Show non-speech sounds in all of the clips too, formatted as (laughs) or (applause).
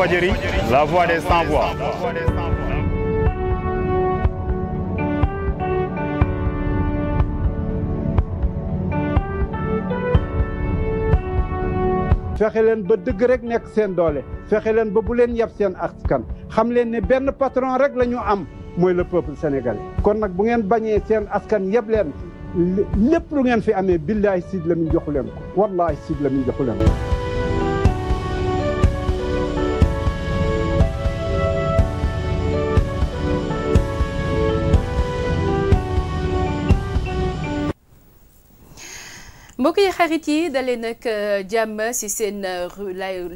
Walfadjri la voix des sans voix leen ba dëgg rek nekk seen doole fexe leen ba bu leen yab seen askan xam leen ne benn patron rek la am mooy le peuple sénégalais. kon nag bu ngeen bañee seen askan yëpp leen lépp lu ngeen fi amee billahi Sidy Lamine joxu leen ko wallahi Sidy Lamine joxu leen ko. mbokk yi xarit yi dalee nag euh, jàmm si seen euh,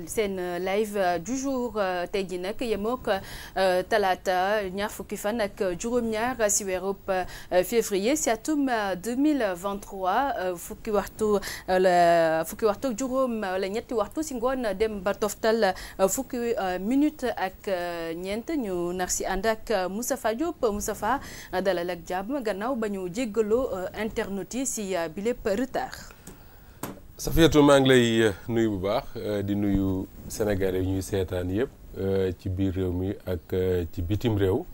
seen euh, live du jour tey ji nag yemook talaata ñaar fukki fan ak juróom-ñaar si weerub février si atum 2023 fukki waxtu la fukki waxtu ak juróom wala ñetti waxtu si ngoon dem ba toftal fukki minute ak ñeent ñu nar si ànd ak Moustapha Diop Moustapha dalal ak jàmm gannaaw ba ñu jéggaloo internet yi si bi lépp retard Safiatou maa ngi lay eh, nuyu bu baax eh, di nuyu Sénégalais yi ñuy seetaan yëpp eh, ci biir réew mi ak ci bitim réew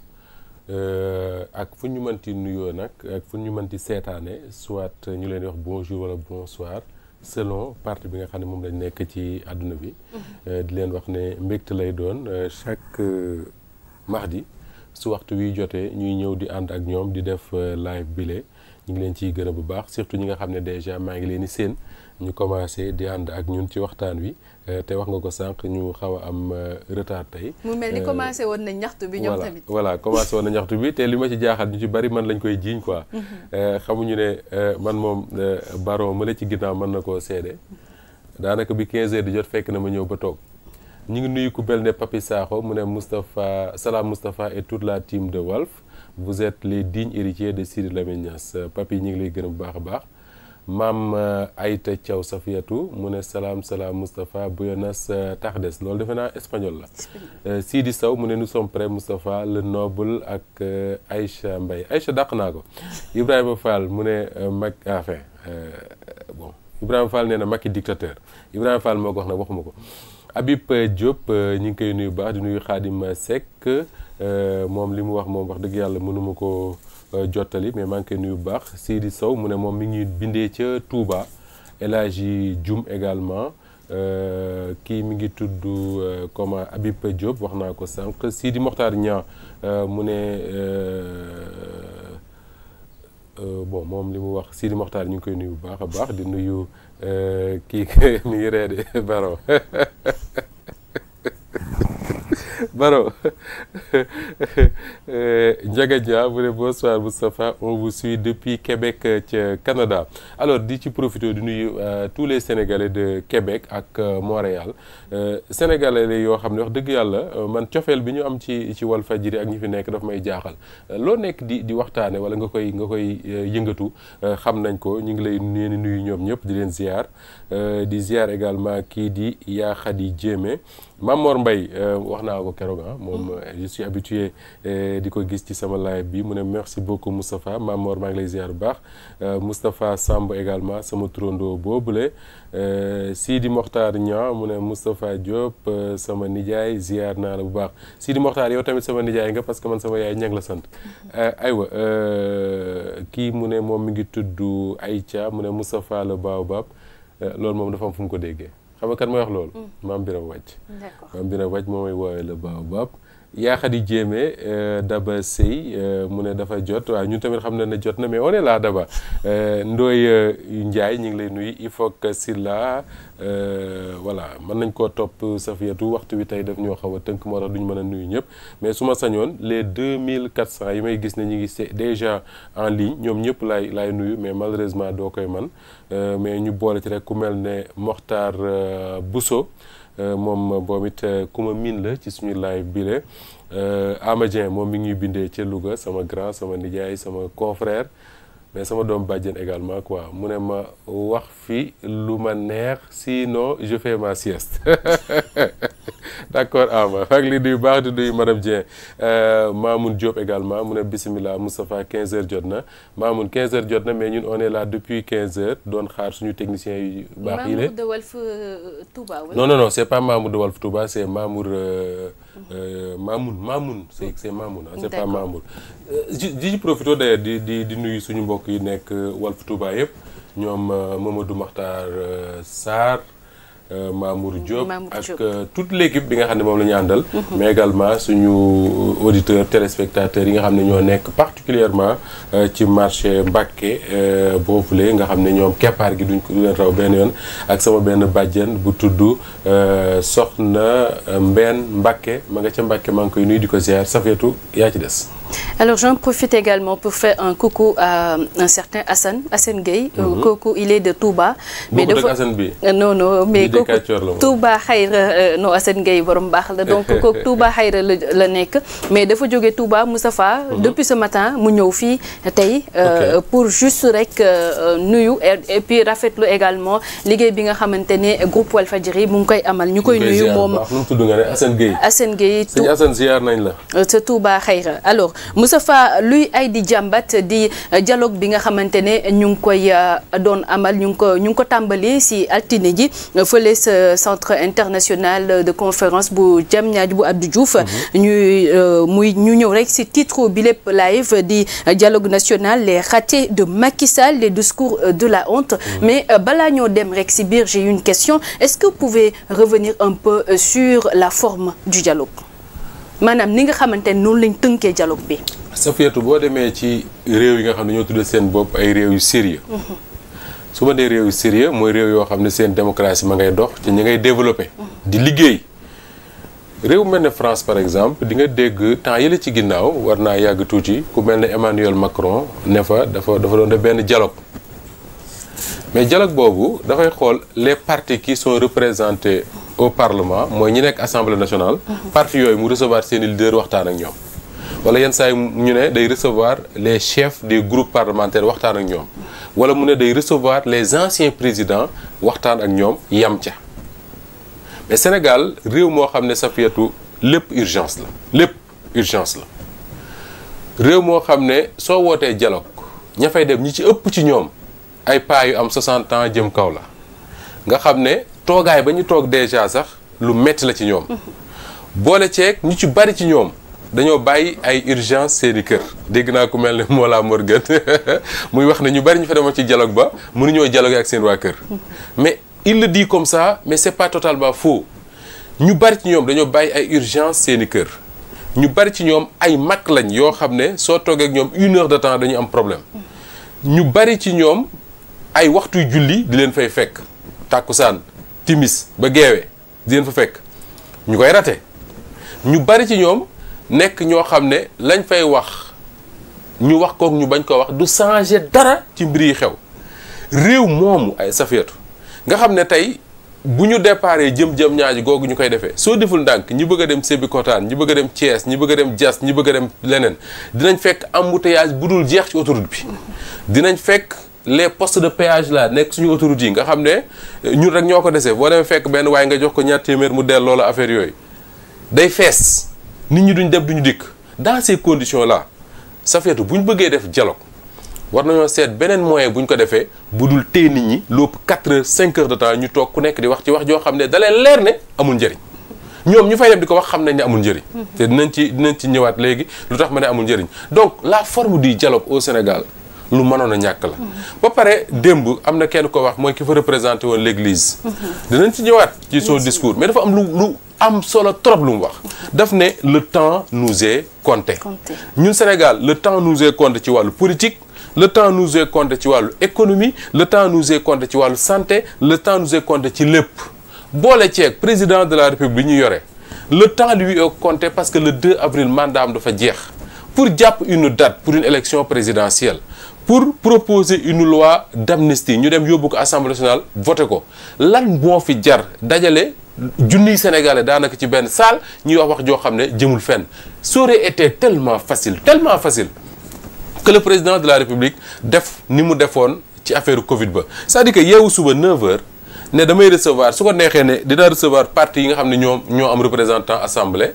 ak fu ñu mënti nuyoo nag ak fu ñu mënti seetaane soit ñu leen di wax bonjour wala bonsoir selon parti bi nga xam ne moom lañ nekk ci àdduna bi. Mhm. di leen wax ne mbégte lay doon chaque mardi su waxtu wi jotee ñuy ñëw di ànd ak ñoom di def live bile ñu ngi leen ciy gën bu baax surtout ñi nga xam ne déjà maa ngi leen di seen. ñu commencé di ànd ak ñun ci waxtaan wi euh, te wax nga ko sànq ñu xaw a am euh, retard tey. mu mel ni euh, commencé woon na ñaxtu bi ñoom tamit. voilà commencé woon na ñaxtu bi te li ma ci jaaxal ñu ci bari man lañ koy jiiñ quoi. Mhm. xamuñu ne man moom baron mu ne ci ginnaaw mën na koo seede daanaka bi 15 heures di jot fekk na ma ñëw ba toog. ñu ngi nuyu ku mel ne Papi Sakho mu ne Moustapha Salam Moustapha et tout la team de Walf vous êtes les dignes héritiers de Sidy Lamine Niass Papi ñu ngi lay gën bu baax a baax. maam eh, Ayta Thiaw Safiyatu mu ne salaam salaam Moustapha buenas eh, tardes loolu defe naa espagnol la. Eh, Sidi saw mu ne nu sommes prêts Moustapha le noble ak Aïcha Mbaye Aïcha dàq naa ko (laughs) Ibrahima Fall mu ne mag ah, enfin bon Ibrahima Fall nee na Macky dictateur Ibrahima Fall moo ko wax nag waxuma ko. Habib Diop ñu ngi koy nuyu baax di nuyu Xaadim Seck moom li mu wax moom wax dëgg yàlla mënuma ko Euh, jottali mais maa ngi koy nuyu bu baax Sidi Sow mu ne moom mi ngi bindee ca Touba El jum Dioum également euh, kii mi ngi tudd euh, comment Habib Diop wax naa ko sànq Sidi Mokhtar ñaa mu ne bon moom li mu wax Sidi Mokhtar ñu ngi koy nuyu bu baax a baax di nuyu kii (laughs) mi ngi reede Baro (laughs) Baro (laughs) Ndiaga Dia mu ne bonsoir Moustapha on vous depuis Québec euh, ca Canada alors di ci profité di nuyu euh, tous les Sénégalais de Québec ak euh, Montréal Sénégalais la yoo xam ne wax dëgg yàlla man cofeel bi ñu am ci ci Walfadjri ak ñi fi nekk daf may jaaxal loo nekk di di waxtaane wala nga koy nga koy yëngatu xam nañ ko ñu ngi lay nuyu ñoom ñëpp di leen ziar. Euh, di ziar également kii di Yaa Khady Diémé Mamor Mbaye euh, wax naa ko keroog ah moom mm-hmm. euh, je suis di ko gis ci sama live bi mu ne merci beaucoup Moustapha Mamor maa ngi lay ziar bu baax Moustapha Samb également sama turandoo boobule Sidi Mokhtar Niang mu ne Moustapha Diop sama nijaay ziar naa la bu baax di Mokhtar yow tamit sama nijaay nga parce que man sama yaay ñang la sant mm-hmm. aywa kii mu ne moom mi ngi tudd Aïcha mu ne Moustapha la Baobab Eh, loolu moom dafa am ko déggee xam nga kan may wax loolu mm. maam biram wàcc maam biram wàcc moom mooy woowee la baobab yaa xadi jéeme euh, Daba Sey euh, mu ne dafa jot waaw ñun tamit xam na ne jot na mais on est là Daba euh, Ndoye Ndiaye ñu ngi lay nuyu il faut que si Silla voilà mën nañ koo topp Safiyatu waxtu wi tey daf ñoo xaw tënk moo tax duñ mën a nuyu ñëpp mais su ma sañoon les 2400 yi may gis ne ñu ngi se déjà en ligne ñoom ñëpp laay laay nuyu mais malheureusement doo koy man mais ñu boole ci rek ku mel ne Mokhtar Bousso Euh, moom euh, boobu it euh, ku ma miin la ci suñu live bi la Ama moom mi ngi ñuy bindee ca Louga sama grand sama nijaay sama confrère mais sama doom bàjjen également quoi mu ne ma wax fi lu ma neex sinon je fais ma sieste (laughs) d' Ama ak li nuyu baax di nuyu madame Dieng euh, Mamoun Diop également mu ne bisimilah Moustapha 15h jot na Mamoun 15h jot na mais ñun on la là depuis 15h doon xaar suñu technicien yu baax yi ne Mamour de euh, est pas Mamour de Walf Touba Euh, Mamoun Mamoun c' est mm. c' est Mamoun ah c' pas Mamoun. ji euh, ji profité d'ailleurs di di di nuyu suñu mbokk yi nekk Walf Touba yëpp ñoom euh, Mamadou Makhtar Sarr. Euh, Mamour Diop ak euh, toute l' équipe bi nga xam ne moom la ñu àndal. Mm-hmm. mais également suñu euh, auditeurs téléspectateurs yi nga xam ne ñoo nekk particulièrement ci marché Mbacke boobule nga xam ne ñoom keppaar gi duñ ko du leen raw benn yoon ak sama benn bàjjen bu tudd Soxna Mbène Mbacke ma nga ca Mbacke maa ngi koy nuyu di ko ziar Safeetu yaa ci des. Alors j'en profite également pour faire un coucou à un certain Assane Assane Gueye. kooku euh, mhm. il est de Touba. mais dafa euh, non non mais kooku Touba xayra euh, non Assane Gueye borom baax la donc (laughs) kooku Touba xayra la la nekk. mais dafa jóge Touba Moustapha. Mhm. depuis ce matin mu ñëw fii tey. pour juste rek nuyu et puis rafetlu également liggéey bi nga xamante ne groupe Walfadjri mu ngi koy amal ñu koy nuyu moom. Assane Gueye Assane Gueye. Assane ziar nañ la. sa Touba xayra Moustapha luy ay di jàmbat di euh, dialogue bi nga xamante ne ñu ngi koy euh, doon amal ñu ngi ko ñu ngi ko tàmbali si altine ji euh, fële centre international de conférence bu Diamniadio bu Abdou Diouf. Mhm. ñuy muy ñu ñëw rek si titre bi lépp live di dialogue national les ratés de Macky Sall les discours de la honte. Mhm. mais balaa ñoo dem rek si biir j'ai une question est-ce que vous pouvez revenir un peu sur la forme du dialogue. maanaam ni nga xamante ne noonu lañ tënkee dialogue bi. Safiatou boo demee ci réew yi nga xam ne ñoo tuddee seen bopp ay réew yu sérieux mm-hmm. su ma dee réew yu sérieux mooy réew yoo xam ne seen démocratie ma ngay dox te ñi ngay développé. Mm-hmm. di liggéey réew mel ne France par exemple di nga dégg temps yële ci ginnaaw war naa yàgg tuuti ku mel ne Emmanuel Macron ne fa dafa dafa doon def benn dialogue. mais jaloog boobu dafay xool les partis qui sont représentés au parlement mooy ñi nekk assemblée nationale. Mhm. parti yooyu mu recevoir seeni i leaders waxtaan ak ñoom. wala yenn saa yi ñu ne day recevoir les chefs des groupes parlementaires waxtaan ak ñoom wala mu ne day recevoir les anciens présidents waxtaan ak ñoom yam ca mais Sénégal réew moo xam ne sa Safiyatu lépp urgence la lépp urgence la réew moo xam ne soo wootee dialogue ña fay dem ñi ci ëpp ci ñoom. ay paa yu am 60 ans jëm kaw la nga xam ne toogaay ba ñu toog déjà sax lu metti la ci ñoom boole ceeg ñu ci bari ci ñoom dañoo bàyyi ay urgence seeni kër dégg naa ku mel ne Mola Morgan (laughs) muy wax ne ñu bari ñu fa demoon ci dialogue ba mënuñoo dialoguer ak seen waa kër mais il le dit comme ça mais c'est pas totalement faux ñu bari ci ñoom dañoo bàyyi ay urgence seeni kër ñu bari ci ñoom ay mag lañ yoo xam ne soo toogee ñoom une heure de temps dañu am problème ñu bari ci ñoom ay waxtuy julli di leen fay fekk tàkkusaan timis ba geewe di leen fa fekk ñu koy rate ñu bari ci ñoom nekk ñoo xam ne lañ fay wax ñu wax kook ñu bañ koo wax du changer dara ci mbir yu xew réew moomu ay safiyatu nga xam ne tey bu ñu déparé jëm-jëm ñaaji googu ñu koy defee soo deful ndànk ñi bëgg a dem Sébikotane ñi bëgg dem Thiès ñi bëgg dem Diass ñi bëgg dem leneen dinañ fekk embouteillage bu dul jeex ci autoroute bi dinañ fekk les postes de péage là nekk suñu autoroute yi nga xam ne ñun rek ñoo ko desee boo demee fekk benn waaye nga jox ko ñaar téeméer mu delloo la affaire yooyu day fees nit ñi duñ dem duñu dikk dans ces conditions là Safietou bu ñu bëggee def dialogue war nañoo seet beneen moyen buñ ko defee bu dul téye nit ñi lu ëpp 4 heures 5 heures de temps ñu toog ku nekk di wax ci wax joo xam ne da leen leer ne amul njëriñ ñoom ñu fay dem di ko wax xam nañ ne amul njëriñ. Mm-hmm. te dinañ ci dinañ ci ñëwaat léegi lu tax ma ne amul njëriñ donc la forme du dialogue au Sénégal. lu mënoon a ñàkk la. ba pare démb am na kenn ko wax mooy ki fa représenté woon l'église. dinañ ci ñëwaat ci son discours mais dafa am lu lu am solo trop lu mu wax. daf ne le temps nous est ñun Sénégal le temps nous est ci wàllu politique. le temps nous est ci wàllu économie le temps nous est ci wàllu santé le temps nous est ci lépp boole ceeg président de la république bi ñu yore le temps lui est compté parce que le 2 avril mandat am dafa jeex pour jàpp une date pour une élection présidentielle pour proposer une loi d'amnistie ñu dem yóbbu ko assemblée nationale voté ko lan moo fi jar dajale junni sénégalais daanaka ci benn salle ñi wax wax joo xam ne jëmul fenn ça aurait été tellement facile tellement facile que président de la république def ni mu defoon ci affaire Covid ba cest à que yeewu suba 9h ne damay recevoir su ko neexee ne dina recevoir parti yi nga xam ne ñoom ñoo am représentant assemblée.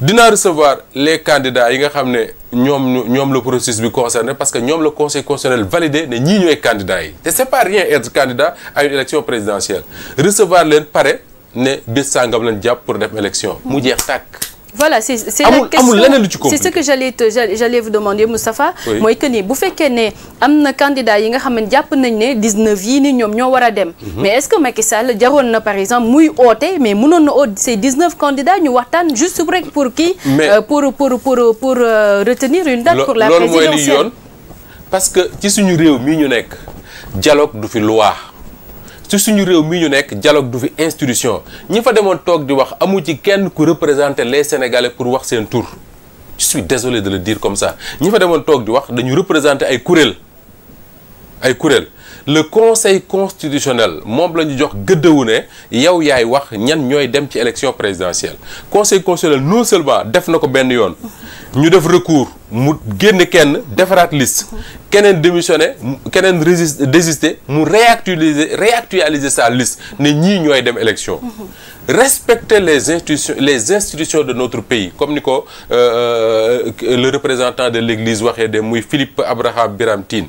dinaa recevoir les candidats yi nga xam ne ñoom ñoom la processus bi concerné parce que ñoom la conseil constitutionnel validé ne ñii ñooy candidats yi te c'est pas rien être candidat à une élection présidentielle recevoir leen pare ne bés sangam lañ jàpp pour def élection mu jeex tàkk voilà c'est c'est la question ce que j'allais te demander Moustapha mooy que ni bu fekkee ne am na candidat yi nga xam ne jàpp nañ ne 19 yii ni ñoom ñoo war a dem mhm. mais est-ce que Macky Sall jaroon na par exemple muy oote mais mënoon na oo ces 19 candidats ñu waxtaan juste rek pour ki euh, pour pour pour pour euh, retenir une date pour la présidentielle loolu mooy li yoon parce que ci suñu réew mi ñu nekk dialogue du fi loi ci suñu réew mii ñu nekk jaloog du fi institution ñi fa demoon toog di wax amu ci kenn ku représenter les sénégalais pour wax seen tour je suis désolé de le dire comme ça ñi fa demoon toog di wax dañu représenter ay kuréel ay kuréel le conseil constitutionnel moom la ñu jox gëddawu ne yow yaay wax ñan ñooy dem ci élection présidentielle conseil constitutionnel non seulement def na ko benn yoon ñu def recours mu génne kenn defaraat liste keneen démissionné keneen résiste désisté mu réactualiser réactualiser sa liste ne ñii ñooy dem élection respecter les institutions les institutions de notre pays comme ni ko euh, euh, le représentant de l'église waxee de muy Philippe Abraham Biram Tine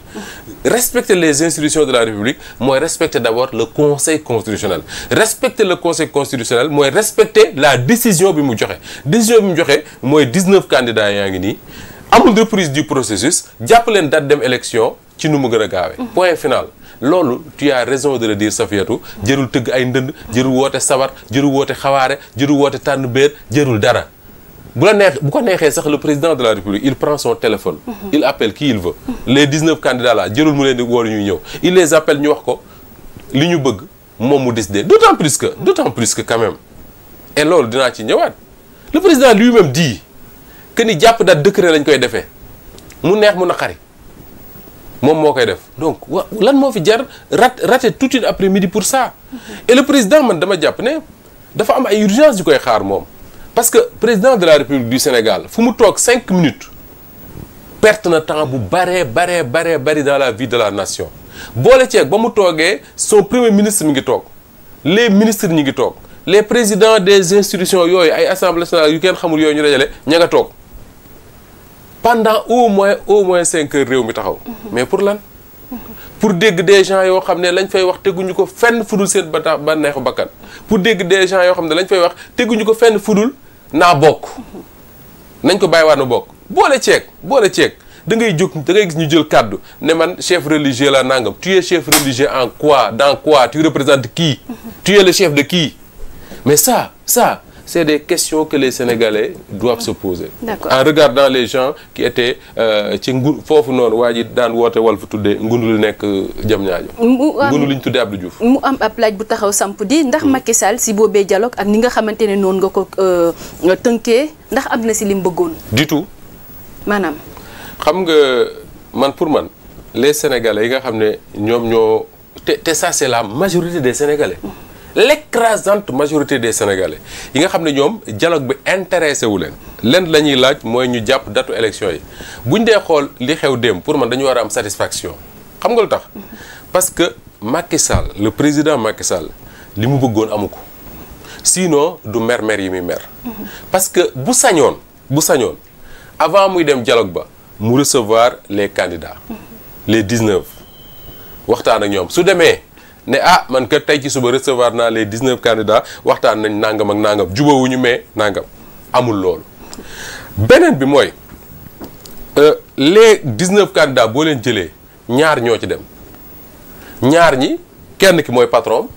respecter les institutions de la République mooy respecter d'abord le conseil constitutionnel respecter le conseil constitutionnel mooy respecter la décision bi mu joxe décision bi mu joxe mooy 19 candidats yaa ngi nii amul reprise du processus jàpp leen date dem élection ci nu mu gën a gaawee. Mm-hmm. point final loolu tu as raison de le dire Safiatou jërul tëgg ay ndënd. jërul woote sabar jërul woote xawaare jërul woote tànn béer jërul dara. bu la neex bu ko neexee sax le président de la république il prend son téléphone. Mm-hmm. il appelle qui il veut. les 19 candidats là jërul mu leen di woo ñuy ñëw il les appelle ñu wax ko li ñu bëgg moom mu décider d' autant plus que d' autant plus que quand même et loolu dinaa ci ñëwaat le président que ni jàpp daal décret lañ koy defee mu neex mu naqari moom moo koy def donc wa lan moo fi jar rat raté toute une après-midi pour ça. Mm-hmm. et le président man dama jàpp ne dafa am ay urgence yu koy xaar moom. parce que président de la République du Sénégal fu mu toog cinq minutes perte na temps bu baree baree baree bari dans la vie de la nation boole ceeg ba mu toogee son premier ministre mi ngi toog les ministres ñu ngi toog les présidents des institutions yooyu ay assemblée yu kenn xamul yooyu ñu dajale ña nga toog. pendant au moins au moins cinq réew mi taxaw. mais pour lan. pour dégg des gens yoo xam ne lañ fay wax teguñu ko fenn fudul seen bata bànneexu bakkan pour dégg des yoo xam ne lañ fay wax teguñu ko fenn fudul naa bokk. nañ ko bàyyiwaat na bokk boole ceeg boole ceek da ngay jóg da ngay gis ñu jël kàddu ne man chef religieux la nangam tu es chef religieux en quoi dans quoi tu représentes qui. tu es le chef de qui mais ça ça. c'est des question que les Sénégalais doivent se poser. en regardant les gens qui étaient euh, ci ngu foofu noonu waa ji daan woote wal fu tuddee ngund lu nekk euh, jam ñaajo ngund lu ñu tuddee Abdou Diouf mu am ab laaj bu taxaw samp di ndax mm. Macky Sall si boobee dialogue ak ni nga xamante ne noonu nga ko euh, tënkee ndax am na si li bëggoon du tout maanaam xam nga man pour man les Sénégalais yi nga xam ne ñoom ñoo te te ça la majorité des Sénégalais mm. l'écrasante majorité des sénégalais yi nga xam ne ñoom dialogue bi intéressé wu leen lenn la ñuy laaj mooy ñu jàpp datu élection yi buñ dee xool li xew démb pour man dañu war a am satisfaction xam nga lu tax parce que Macky le président Macky Sall li mu bëggoon amu ko sinon du mer mer yi muy mer parce que bu sañoon bu sañoon avant muy dem dialogue ba mu recevoir les candidats les 19 waxtaan ak ñoom su demee. ne ah man kat tey ci suba recevoir naa les 19 candidats waxtaan nañ nangam ak nangam ñu mais nangam amul loolu. beneen bi mooy euh, les 19 candidats boo leen jëlee ñaar ñoo ci dem ñaar ñi kenn ki mooy patron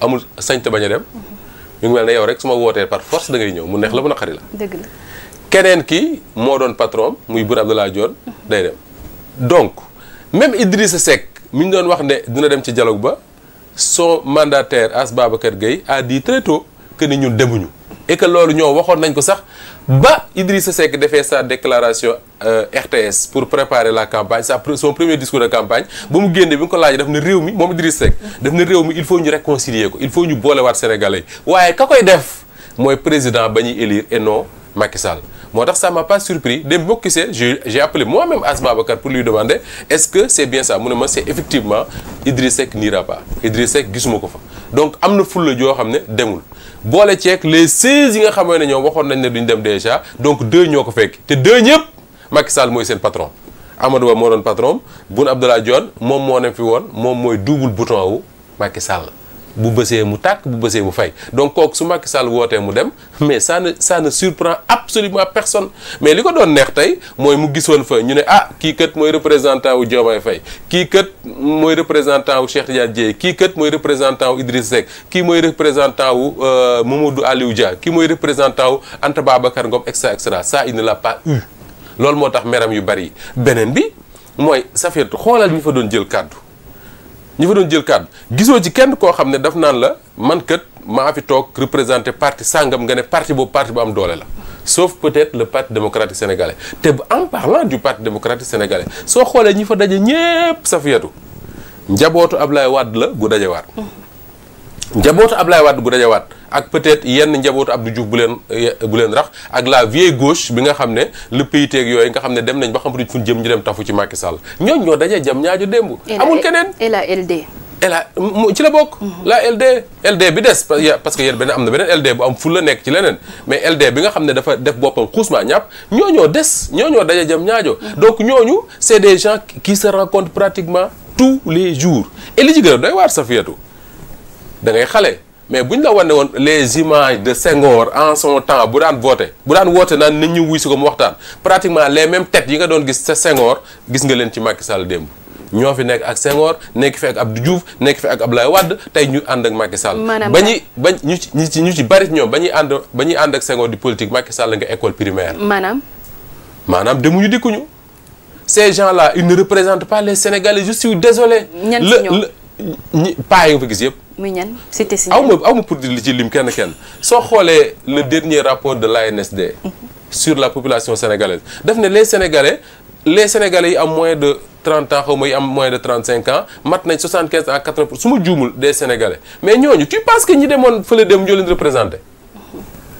amul sañta bañ a dem. ñu ngi mel ne yow rek su ma wootee par force da ngay ñëw mu neex la mu naqari la. dëgg la keneen ki moo doon patron muy Boun Abdallah Dionne day dem donc même Idrissa Seck. mi ñu doon wax ne dina dem ci dialogue ba son mandataire As Babacar Gueye a dit très tôt que ni ñun demuñu et que loolu ñoo waxoon nañ ko sax ba sa Seck defee sa déclaration euh, RTS pour préparer la campagne sa son premier discours de campagne ba mu génne bi nga ko laajee daf ne réew mi moom Idrissa Seck daf ne réew mi il faut ñu réconcilier ko il faut ñu boolewaat Sénégalais yi waaye ka koy def mooy président ba ñuy élire et non Macky moo tax ça m'a pas surpris dem boo gisee j'ai appelé moi-même Asma Bakar pour lui demander est-ce que c'est bien ça mu ne ma c'est effectivement Idriss Seck n'ira pas gisuma ko fa donc am na fulla joo xam ne demul boole ceek les 16 yi nga xamee ne ñoom waxoon nañ ne duñ dem déjà donc deux ñoo ko fekk te deux ñëpp Macky Sall mooy seen patron Amadou Ba moo doon patron Boun Abdallah Dionne moom moo ne fi woon moom mooy double bouton wu Macky Sall bu bësee mu tàkk bu bësee mu fay donc kooku su Macky Sall wootee mu dem mais ça ne ça ne surprend absolument personne mais li ko doon neex tey mooy mu gisoon fa ñu ne ah kii kat mooy représentant wu Diomaye Faye kii kat mooy représentant wu Cheikh Tidiane Dièye kii kat mooy représentant wu Idriss Seck kii mooy représentant wu euh, Mamadou Aliou Dia kii mooy représentant wu Anta Babacar Ngom et cetera et cetera ça l'a pas eu loolu moo tax meram yu bari beneen bi mooy Safir xoolal ñu fa doon jël kàddu ñi fa doon jël kàddu gisoo ci kenn koo xam ne daf naan la man kat maa fi toog représenter parti sàngam nga ne parti boobu partie bu am doole la sauf peut-être le parti démocratique sénégalais te en parlant du parti démocratique sénégalais soo xoolee ñi fa daje ñépp safiyatu njabootu lay Wade la gu dajewaat njabootu ab Ablaye Wade bu waat ak peut-être yenn njabootu Abdou Diouf bu leen bu eh, leen rax ak la vieille gauche bi nga xam ne le PIT ak yooyu nga xam ne dem nañ ba xamatuñ fu ñu jëm ñu dem tafu ci Macky Sall ñooñu ñoo daje jam ñaaju démb. amul keneen et la LD. et la bokk. Mhm. la LD. LD bi des parce que yéen beneen am na beneen LD bu am la nekk ci leneen mais LD bi nga xam ne dafa def boppam xuusma ñàpp ñooñoo des ñooñoo daje jam ñaajo mhm. donc ñooñu c'est des gens qui se rencontrent pratiquement tous les jours et li ci gën a doy waar da ngay xale mais bu ñu la wane woon les images de Senghor en son temps bu daan voté bu daan woote naa nit ñu wuy si ko mu waxtaan pratiquement les même têtes yi nga doon gis sa Senghor gis nga leen ci Macky Sall démb ñoo fi nekk ak sengoor nekk fi ak Abdou Diouf nekk fi ak ab Abdoulaye Wade tey ñu ànd ak Macky Sall. maanaam ba ñuy ba ñu ci ñu ci bari ñoom ba ñuy ànd ba ñuy ànd ak Senghor di politique Macky Sall nga école primaire. maanaam. maanaam demuñu dikkuñu. ces gens là ils ne représentent pas les Sénégalais je suis désolé. ñan ñi paa yi nga fa gis yëpp. mu ñan cité si aw ma aw ma pour di ci lim kenn kenn soo xoolee le dernier rapport de l'ANSD sur la population sénégalaise def ne les sénégalais les sénégalais yi am moins de 30 ans xaw ma yi am moins de 35 ans mat nañ 75 à 80 pour su ma juumul des sénégalais mais ñooñu tu penses que ñi demoon fële dem ñoo leen représenté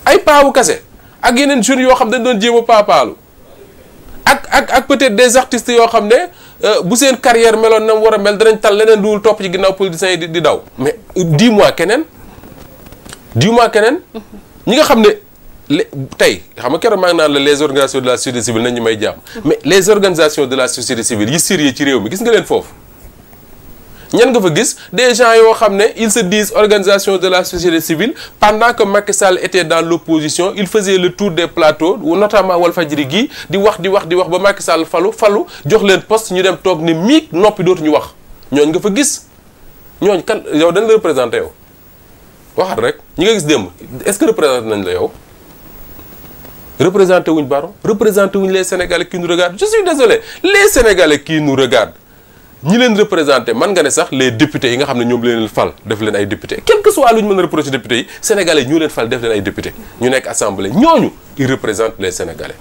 ay paawu kase ak yeneen jeunes yoo xam ne doon jéem a paapaalu ak ak ak peut des artistes yoo xam ne. Euh, bu seen carrière meloon na mu war a mel danañ tal leneen duul topp ci ginnaaw politiciens yi di daw. mais dix mois keneen du mois keneen ñi nga xam ne le tey xam nga keroog maa ngi naan la les organisations de la société civile nañ ñu may jàmm. mais les organisations de la société civile yi sérieux ci réew mi gis nga leen foofu. ñan nga fa gis des yoo xam ne ils se disent organisation de la société civile pendant que Macky Sall était dans l'opposition il faisait le tour des plateaux notamment Walfadjri gii di wax di wax di wax ba Macky Sall falu falu jox leen poste ñu dem toog ni miig noppi dootuñu wax ñooñ nga fa gis ñooñ kan yow dañ la représenté yow waxaat rek ñi nga gis démb est-ce que représenté nañ la yow représenté wuñ Baro représenté wuñ les Sénégalais qui nous regardent les Sénégalais qui nous regardent ñi leen représenté man nga ne sax les députés yi nga xam ne ñoom leen fal def leen ay député quel que soit lu ñu mën a reproché députés yi sénégalais ñoo leen fal def leen ay député ñu nekk assemblée ñooñu ils représentent les sénégalais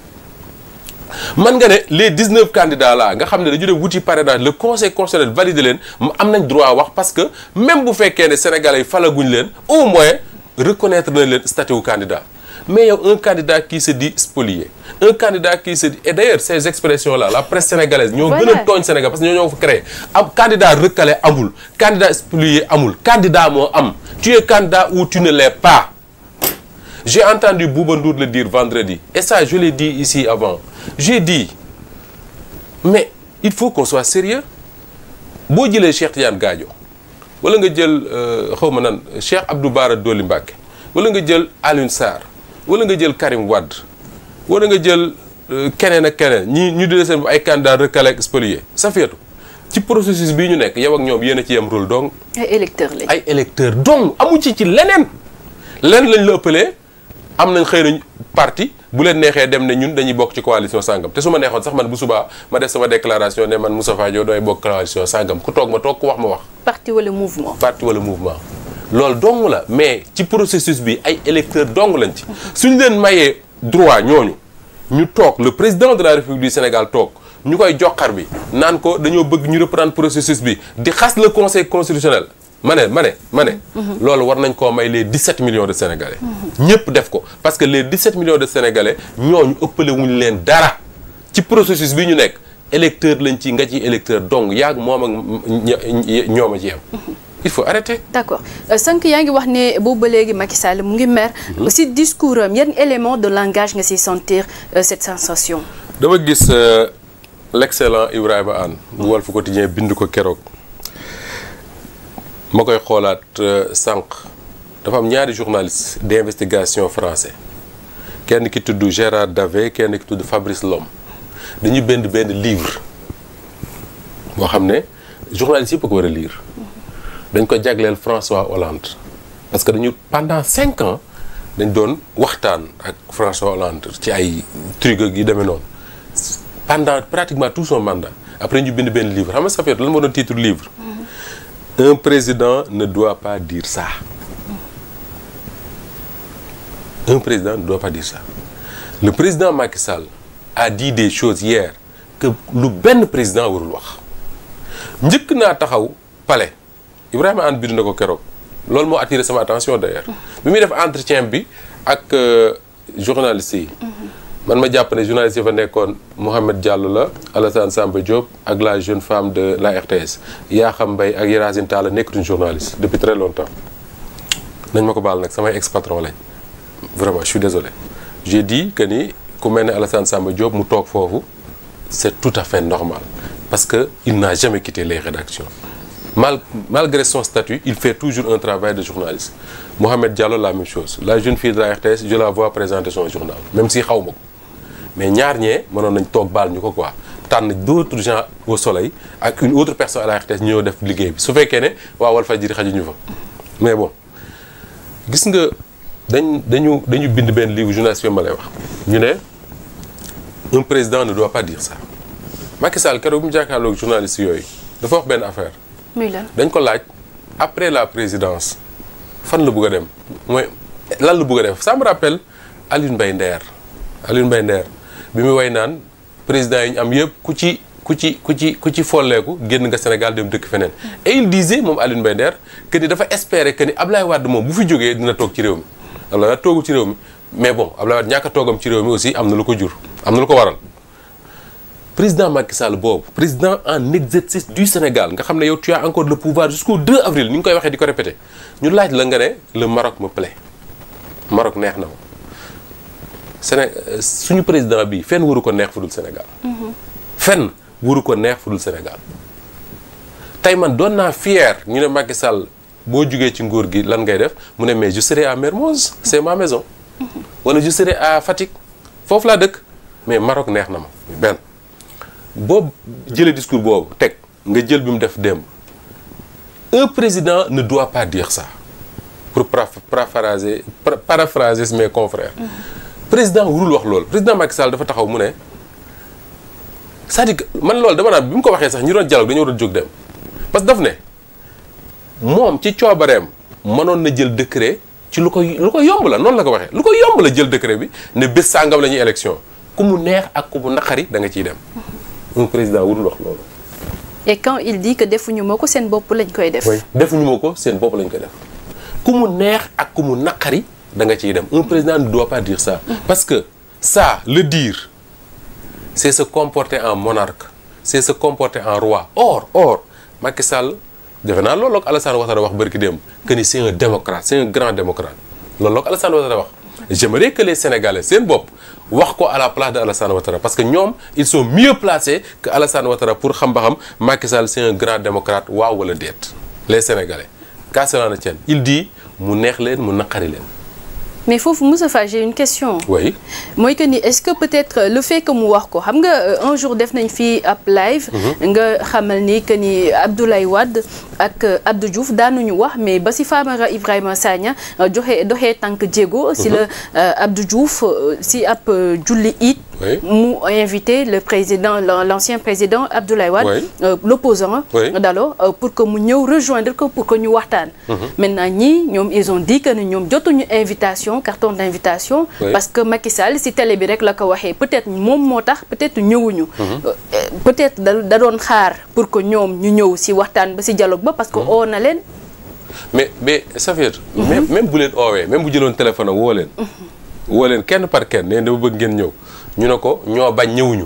man nga ne les 19 candidats là nga xam ne dañu def wuti parrainage le conseil constitutionnel valide leen mu am nañ droit wax parce que même bu fekkee ne sénégalais yi falaguñ leen au moins reconnaître nañ leen statut candidat mais yow un candidat qui se dit spolié un candidat qui se dit et d'ailleurs ces expressions là la presse sénégalaise ñoo gën a tooñ Sénégal parce que ñoo ñoo ko créé am candidat recalé amul candidat spolié amul candidat moo am tu es candidat ou tu ne l'es pas j'ai entendu Bouba Ndour le dire vendredi et sa je l'ai dit ici avant j'ai di mais il faut qu'on soit sérieux boo jëlee Cheikh Tidiane Gadio wala nga jël euh, xaw ma nan Cheikh Abdou Bara Dolly Mbacké wala nga jël Alioune wala nga jël Karim wadd wala nga jël euh, keneen ak keneen ñi ñu dee seen ay candidat recalé sa Safiatou ci processus bii ñu nekk yow ak ñoom yéen ci yem rul donc. ay électeurs lañ ay électeurs donc amu ci ci leneen lenn lañ la ëppalee am nañ xëy nañ parti bu leen neexee dem ne ñun dañuy bokk ci coalition sangam te su ma neexoon sax man bu subaa ma def sama déclaration ne man Moustapha Diop dooy bokk coalition sangam ku toog ma toog ku wax ma wax. parti wala mouvement. parti wala mouvement. loolu dong la mais ci processus bi ay électeurs dong lañ ci. suñu leen mayee droit ñooñu ñu toog le président de la république Sénégal toog ñu koy joxar bi naan ko dañoo bëgg ñu reprendre processus bi di xas le conseil constitutionnel. ma ne ma ne ma ne. Mhm. loolu war nañ koo may les 17 millions de sénégalais. Mhm. ñëpp def ko parce que les 17 millions de sénégalais ñooñu ëppale wuñu leen dara ci processus bi ñu nekk électeur lañ ci nga ci électeur dong yaag moom ak ñoom a ci il faut arrêter. d'accord euh, sànq yaa ngi wax ne boobu ba léegi Macky Sall mu ngi mer. Mhm. si discours am yan élément de langage nga siy sentir euh, cette sensation. dama gis euh, l'excellent Ibrahima Anne. bu Walf Quotidien bind ko keroog. ma koy xoolaat sànq dafa am ñaari journaliste d'investigation français kenn ki tudd Gérard Davet kenn ki tudd Fabrice Lhomme dañu benn benn livre moo xam ne journaliste yëpp ko war a lire. dañ ko jagleel François Hollande parce que dañu pendant cinq ans dañ doon waxtaan ak François Hollande ci ay trucs yi demee noonu pendant pratiquement tout son mandat après ñu bind benn livre xam nga ça fait lan moo doon titre livre mm-hmm. un président ne doit pas dire ça président ne doit le président Macky Sall a dit des choses hier que lu benn président warul wax njëkk naa taxaw pale Ibrahima Anne bind na ko keroog loolu moo attiré sama attention d'ailleurs mm-hmm. bi muy def entretien bi ak euh, journaliste yi mm-hmm. man ma jàpp ne journaliste yi fa nekkoon Mouhamed jàll la Alassane Samba Diop ak la jeune femme de la RTS Yakham Mbaye ak Yacine Talla nekkatuñ journaliste depuis très longtemps nañ ma ko baal nag samay ex-patron lañ vraiment je suis désolé j'ai dit que ni ku mel ne Alassane Samba Diop mu toog foofu c'est tout à fait normal parce que il n'a jamais les rédactions mal malgré son statut il fait toujours un travail de journaliste Mohamed Diallo la même chose la jeune fille de la RTS je la vois présenter son journal même si xaw ma ko mais ñaar ñee mënoon nañ toog baal ñu ko quoi tànn d'autres gens au soleil ak une autre personne à la RTS ñoo def liggéey bi su fekkee ne waa Walfadjri xajuñu fa mais bon gis nga dañ dañu dañu bind benn livre journaliste bi ma lay wax ñu ne un président ne doit pas dire ça Macky Sall keroog bu mu jàkkaarloog journaliste yooyu dafa wax benn affaire dañ ko laaj après la présidence fan la bëgg dem mooy lan la bëgg a def ça me rappelle Alioune Mbaye Nder Alioune Mbaye Nder bi mu way naan président yi ñu am yëpp ku ci ku ci ku ci ku ci folleeku génn nga Sénégal dem dëkk feneen et il moom Alioune Mbaye Nder que ni dafa espérer que ni Ablaye Wade moom bu fi jógee dina toog ci réew mi Ablaye Wade toogul ci réew mi mais bon Ablaye ñàkk a toogam ci réew mi aussi am na lu ko jur am na lu ko waral président Macky Sall boobu président en exercice du Sénégal nga xam ne yow tu as encore le pouvoir jusqu'au 2 avril ni ñu koy waxee di ko répété ñu laaj la nga ne le Maroc me plaît Maroc neex na ma suñu président bi fenn waru ko neex fu dul Sénégal. Mm-hmm. fenn waru ko neex fu dul Sénégal tey man doon naa fier ñu ne Macky Sall boo jugee ci nguur gi lan ngay def mu ne mais je serai à Mermoz c'est ma maison. Mm-hmm. wala je serai à Fatick foofu laa dëkk mais Maroc neex na ma boobu jëlee discours boobu teg nga jël bi mu def démb un président ne doit par dire ça pour par par paraphraser paraphraser mes confrères mm-hmm. président warul wax loolu président Macky Sall dafa taxaw mu ne cest à que man loolu dama naan bi mu ko waxee sax ñi doon dialogue war a jóg dem parce que daf ne moom ci coobareem mënoon na jël décret ci lu ko lu ko yomb la noonu la ko waxee lu ko yomb la jël décret bi ne bés sàngam la ñuy élection ku mu neex ak ku mu naqari da nga ciy dem mm-hmm. un président warul wax loolu. et quand il dit defu ñu ma ko seen bopp lañ koy def. defuñu ma ko seen bopp lañ koy def ku mu neex ak ku mu naqari da nga ciy dem un président ne doit pas dire ça. parce que ça le diir c'est se comporter en monarque c'est se comporter en roi or or Macky Sall defe naa loolu la ko Alassane Ouattara wax barki démb que ni c'est un démocrate c'est un grand démocrate loolu la wax. j'aimerais que les seen bopp wax ko à la place de Alassane Ouattara parce que ñoom ils sont mieux placés que Alassane Ouattara pour xam ba xam Macky Sall c'est un grand démocrate waaw wala déet les Sénégalais qu'à cela ne il dit mu neex leen mu naqari leen. mais foofu Moustapha j'ai une question. mooy que ni est-ce que peut-être euh, le fait que mu wax ko xam nga euh, un jour def nañ fii ab live. Mhm. nga xamal ni que ni Abdoulaye Wade ak euh, Abdou Diouf ñu wax mais ba si Famara Ibrahima Sagna joxe doxee tànk jéego. si mhm. la Abdou Diouf si ab julli it. mu invité le président l'ancien président Abdoulaye Wade. Oui. Euh, l'opposant d'alors euh, pour que mu ñëw rejoindre ko pour que ñu waxtaan. Mhm. maintenant ñii ñoom ils ont dit ne ñoom jotuñu invitation carton d'invitation. parce que Macky Sall si télé bi rek la ko waxee peut-être moom moo tax peut-être ñëwuñu. Mhm. Euh, euh, peut-être da doon xaar pour que ñoom ñu ñëw si waxtaan ba si dialogue ba parce que mhm. oo na leen. mais mais Safir. même bu leen oowee même bu jëloon téléphone woo leen. woo kenn par kenn nee dama ngeen ñëw. ñu ne ko ñoo bañ ñëwuñu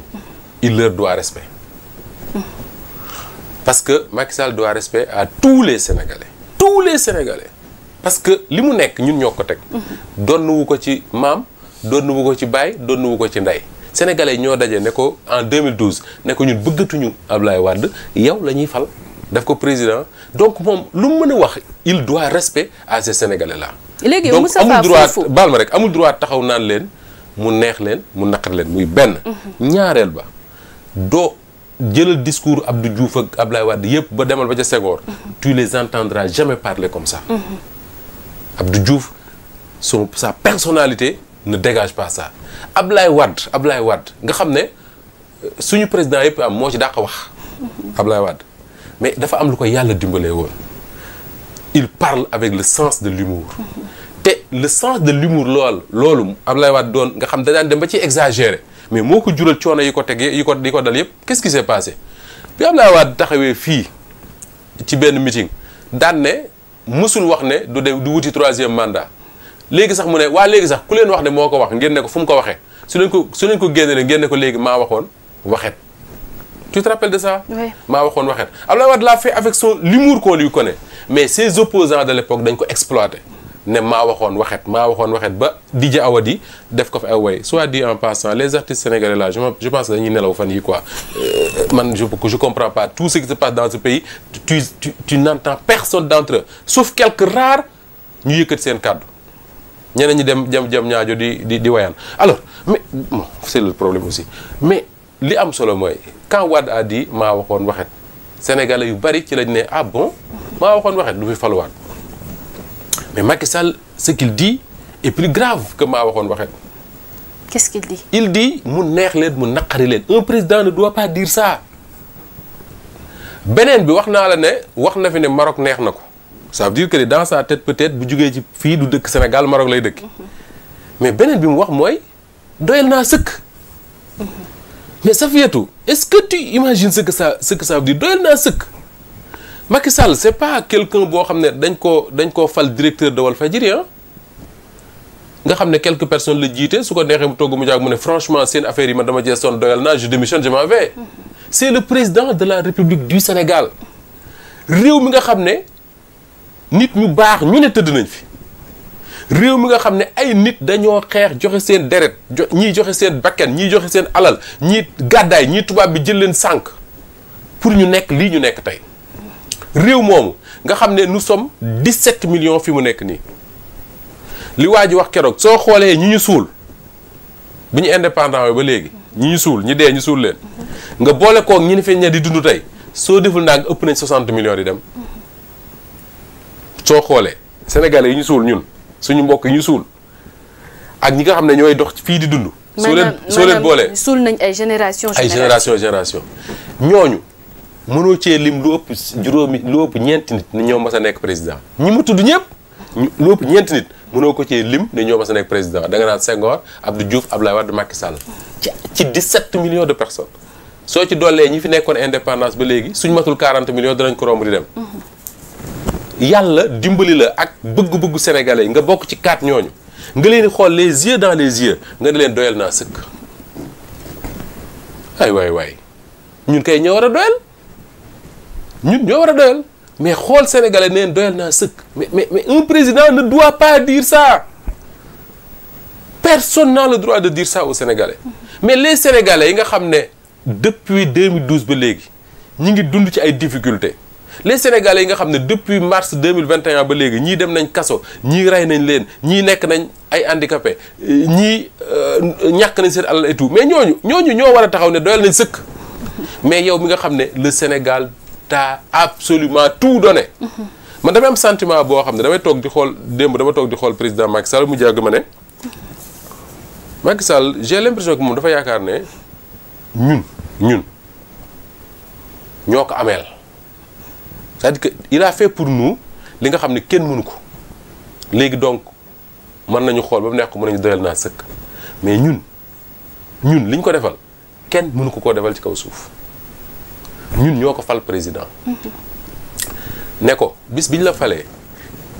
il leur doit respect parce que Macky Sall doit respect à tous les Sénégalais tous les Sénégalais parce que li mu nekk ñun ñoo ko teg donnuwu ko ci maam donnuwu ko ci baay donnuwu ko ci ndey Sénégalais ñoo daje ne ko en 2012 ne ko ñun bëggatuñu Abdoulaye Wade yow la ñuy fal daf ko président donc moom lu mu mën a wax il doit respect à ces Sénégalais là léegi donc amul droit baal ma rek amul droit taxaw naan leen mu neex leen mu naqar leen muy benn. ñaareel ba doo jëlal discours du juuf ak Ablaye wadd yëpp ba demal ba ca Senghor. tu les entendras jamais parler comme ça. Abdou Diouf son sa personnalité ne dégage pas ça Ablaye Wade Ablaye Wade nga xam ne euh, suñu président yëpp am moo ci dàq wax. lay Wade mais dafa am lu ko yàlla dimbalee woon il parle avec le sens de l'humour le sens de l'humour lool loolu Abdoulaye Wade doon nga xam da daan dem ba ci exagéré mais moo ko jural coono yi ko tegee yi ko ko dal yëpp qu'est-ce qui s'est passé taxawee fii ci benn meeting daan ne wax ne du dem du troisième mandat léegi sax mu ne waa sax ku leen wax ne moo ko wax ngeen ko fu mu ko waxee su leen ko su leen ko génne ngeen ne ko léegi maa waxoon waxet tu te de ça maa waxoon waxet Abdoulaye Wade l'a fait avec son l'humour qu'on lui connaît mais ses opposants de l'époque dañ ko exploité ne maa waxoon waxet maa waxoon waxet ba di awa di def ko fi ay woy soit dit en passant les artistes sénégalais là je pense que dañuy nelaw fan yi quoi euh, man je je comprends pas tout ce qui se passe dans ce pays tu tu tu n'entends personne d'entre eux sauf quelques rares ñu yëkkati seen kàddu ñeneen ñi dem jëm jëm ñaajo di di di wayaan alors mais c'est le problème aussi mais li am solo mooy quand Wade a dit maa waxoon waxet sénégalais yu bari ci lañ ne ah bon maa waxoon waxet du fi faluwaat. mais Macky Sall ce qu'il dit est plus grave que maa waxoon waxee. quest il dit mu neex leen mu naqari leen un président ne doit pas dire saa beneen bi wax naa la ne wax na fi ne Maroc neex na ko ça veut dire que dans sa tête peut-être bu jugee ci fii du dëkk Sénégal Maroc lay dëkk mais beneen bi mu wax mooy doyal naa sëkk. Mhm. mais Safiatou est-ce que tu imagines ce que ça ce que ça doyal naa sëkk. Macky Sall c'est pas quelqu'un boo xam ne dañ koo dañ koo fal directeur de Walfadjri ah nga xam ne quelques personne la jiite su ko neexee mu togg mu jaag mu ne franchement seen affaire yi ma dama cee sonn doyal naa je démissionne je m'en vais c'est le président de la République du Sénégal réew mi nga xam ne nit ñu baax ñu ne tëdd nañ fi réew mi nga xam ne ay nit dañoo xeex joxe seen deret ñii joxe seen bakkan ñii joxe seen alal ñii gàddaay ñi tubaab bi jël leen sànq pour ñu nekk lii ñu nekk tey réew moomu nga xam ne nous sommes 17 million fi mu nekk nii li waa ji wax keroog soo xoolee ñi ñu suul bi ñu indépendant ba léegi ñu ñu suul ñi dee ñu suul leen nga boole koog ñi ne fi ña di dundu tey soo deful naa nga ëpp nañ 60 millions di dem soo xoolee sénégalais yu ñu suul ñun suñu mbokk yi ñu suul ak ñi nga xam ne ñooy dox fii di dund. soo leen soo leen boolee suul nañ ay génération ay génération génération ñooñu. mënoo cee lim lu ëpp juróomi lu ëpp ñeenti nit ne ñoo mas a nekk président ñi mu tudd ñëpp lu ëpp ñeenti nit mënoo ko cee lim ne ñoo mas a nekk président da nga naan Senghor Abdou Diouf Abdoulaye Wade Macky Sall ci ci 17 millions de personnes soo ci doolee ñi fi nekkoon indépendance ba léegi suñ matul 40 millions danañ ko romb di dem yàlla dimbali la ak bëgg-bëggu sénégalais yi nga bokk ci kaat ñooñu nga leen di xool les yeux dans les yeux nga di leen doyal naa sëkk ay waay waay a doyal ñun ñoo war a doyal mais xool sénégalais neen doyal naa sëkk mais mais mais un président ne doit pas dire ça personne n'a le droit de dire ça aux sénégalais mais les sénégalais yi nga xam ne depuis 2012 ba léegi ñi ngi dund ci ay difficultés les sénégalais yi nga xam ne depuis mars 2021 ba léegi ñii dem nañ kaso ñii rey nañ leen ñii nekk nañ ay handicapé ñii euh, ñàkk nañ seen alal et mais ñooñu ñooñu ñoo war a taxaw ne doyal nañ sëkk mais yow mi nga xam ne le Sénégal t'as absolument tout donné. man damay am sentiment boo xam ne damay toog di xool démb dama toog di xool président Macky Sall mu jàgg ma ne Macky Sall j'ai l'impression que moom dafa yaakaar ne ñun ñun ñoo ko ameel c'est-à-dire il a fait pour nous li nga xam ne kenn mënu ko léegi donc mën nañu xool ba mu nekk mën nañu doyal naa sëkk mais ñun ñun liñ ko defal kenn mënu ko koo defal ci kaw suuf. ñun ñoo ko fal président. ne ko bis bi ñu la falee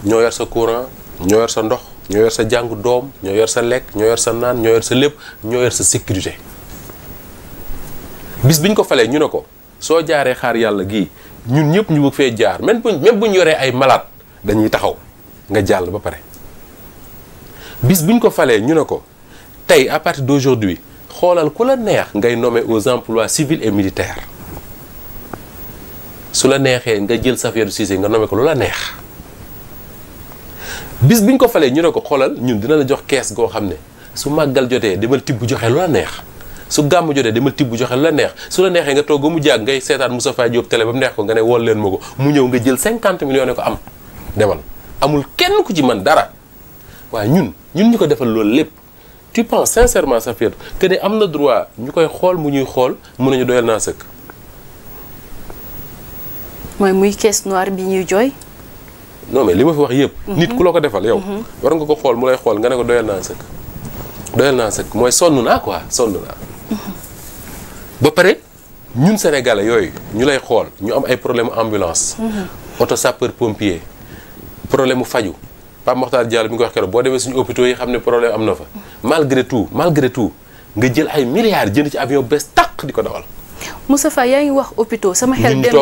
ñoo yor sa courant ñoo yor sa ndox ñoo yor sa jàngu doom ñoo yor sa lekk ñoo yor sa naan ñoo yor sa lépp ñoo yor sa sécurité bis bi ñu ko falee ñu ne ko soo jaaree xaar yàlla gii ñun ñëpp ñu bëgg fee jaar même bu même bu ñu yoree ay malade dañuy taxaw nga jàll ba pare. bis bu ñu ko falee ñu ne ko tey à partir d'aujourd'hui xoolal ku la neex ngay nommer aux emplois civils et militaires. su la neexee nga jël Safiatou Cissé nga nommé ko lu la neex bis biñ ko falee ñu ne ko xoolal ñun dina la jox kees goo xam ne su màggal jotee demal tibb joxe lu la neex su gàmm jotee demal tibb joxe lu la neex su la neexee nga toog mu jàgg ngay seetaan Moustapha Diop télé ba mu neex ko nga ne wool leen ma ko mu ñëw nga jël 50 millions ne ko am demal amul kenn ku ci man dara waaye ñun ñun ñu ko defal loolu lépp tu penses sincèrement Safiatou que ne am na droit ñu koy xool mu ñuy xool mun nañu doyal naa sëkk mooy muy caisse noire bi ñuy jooy. non mais li ma fi wax yëpp. Mhm. nit ku la ko defal yow. Mhm. war nga ko xool mu lay xool nga ne ko doyal naa sëkk. doyal naa mooy sonn naa quoi sonn naa. Mhm. ba pare ñun sénégalais yooyu ñu lay xool ñu am ay problème ambulance. auto sapeur pompier problème mu faju Pape Mokhtar Diallo bi ngi wax keroog boo demee suñu hôpitaux yi xam ne problème am na fa. malgré tout malgré tout nga jël ay milliards jënd ci avion bees tàq di ko dawal. Moustapha yaa ngi wax hôpitaux sama xel dem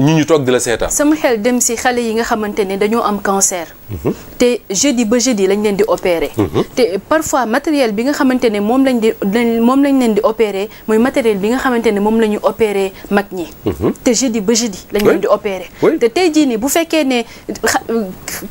ñu ñu toog sama xel dem si xale yi nga xamante ne dañoo am cancer mhm. te jeudi ba jeudi lañ leen di opérer mhm. te parfois matériel bi nga xamante ne moom lañ di moom lañ leen di opérer mooy matériel bi nga xamante ne moom la ñu opérer mag ñi mhm. te jeudi ba jeudi lañ leen di opérer te tey jii nii bu fekkee ne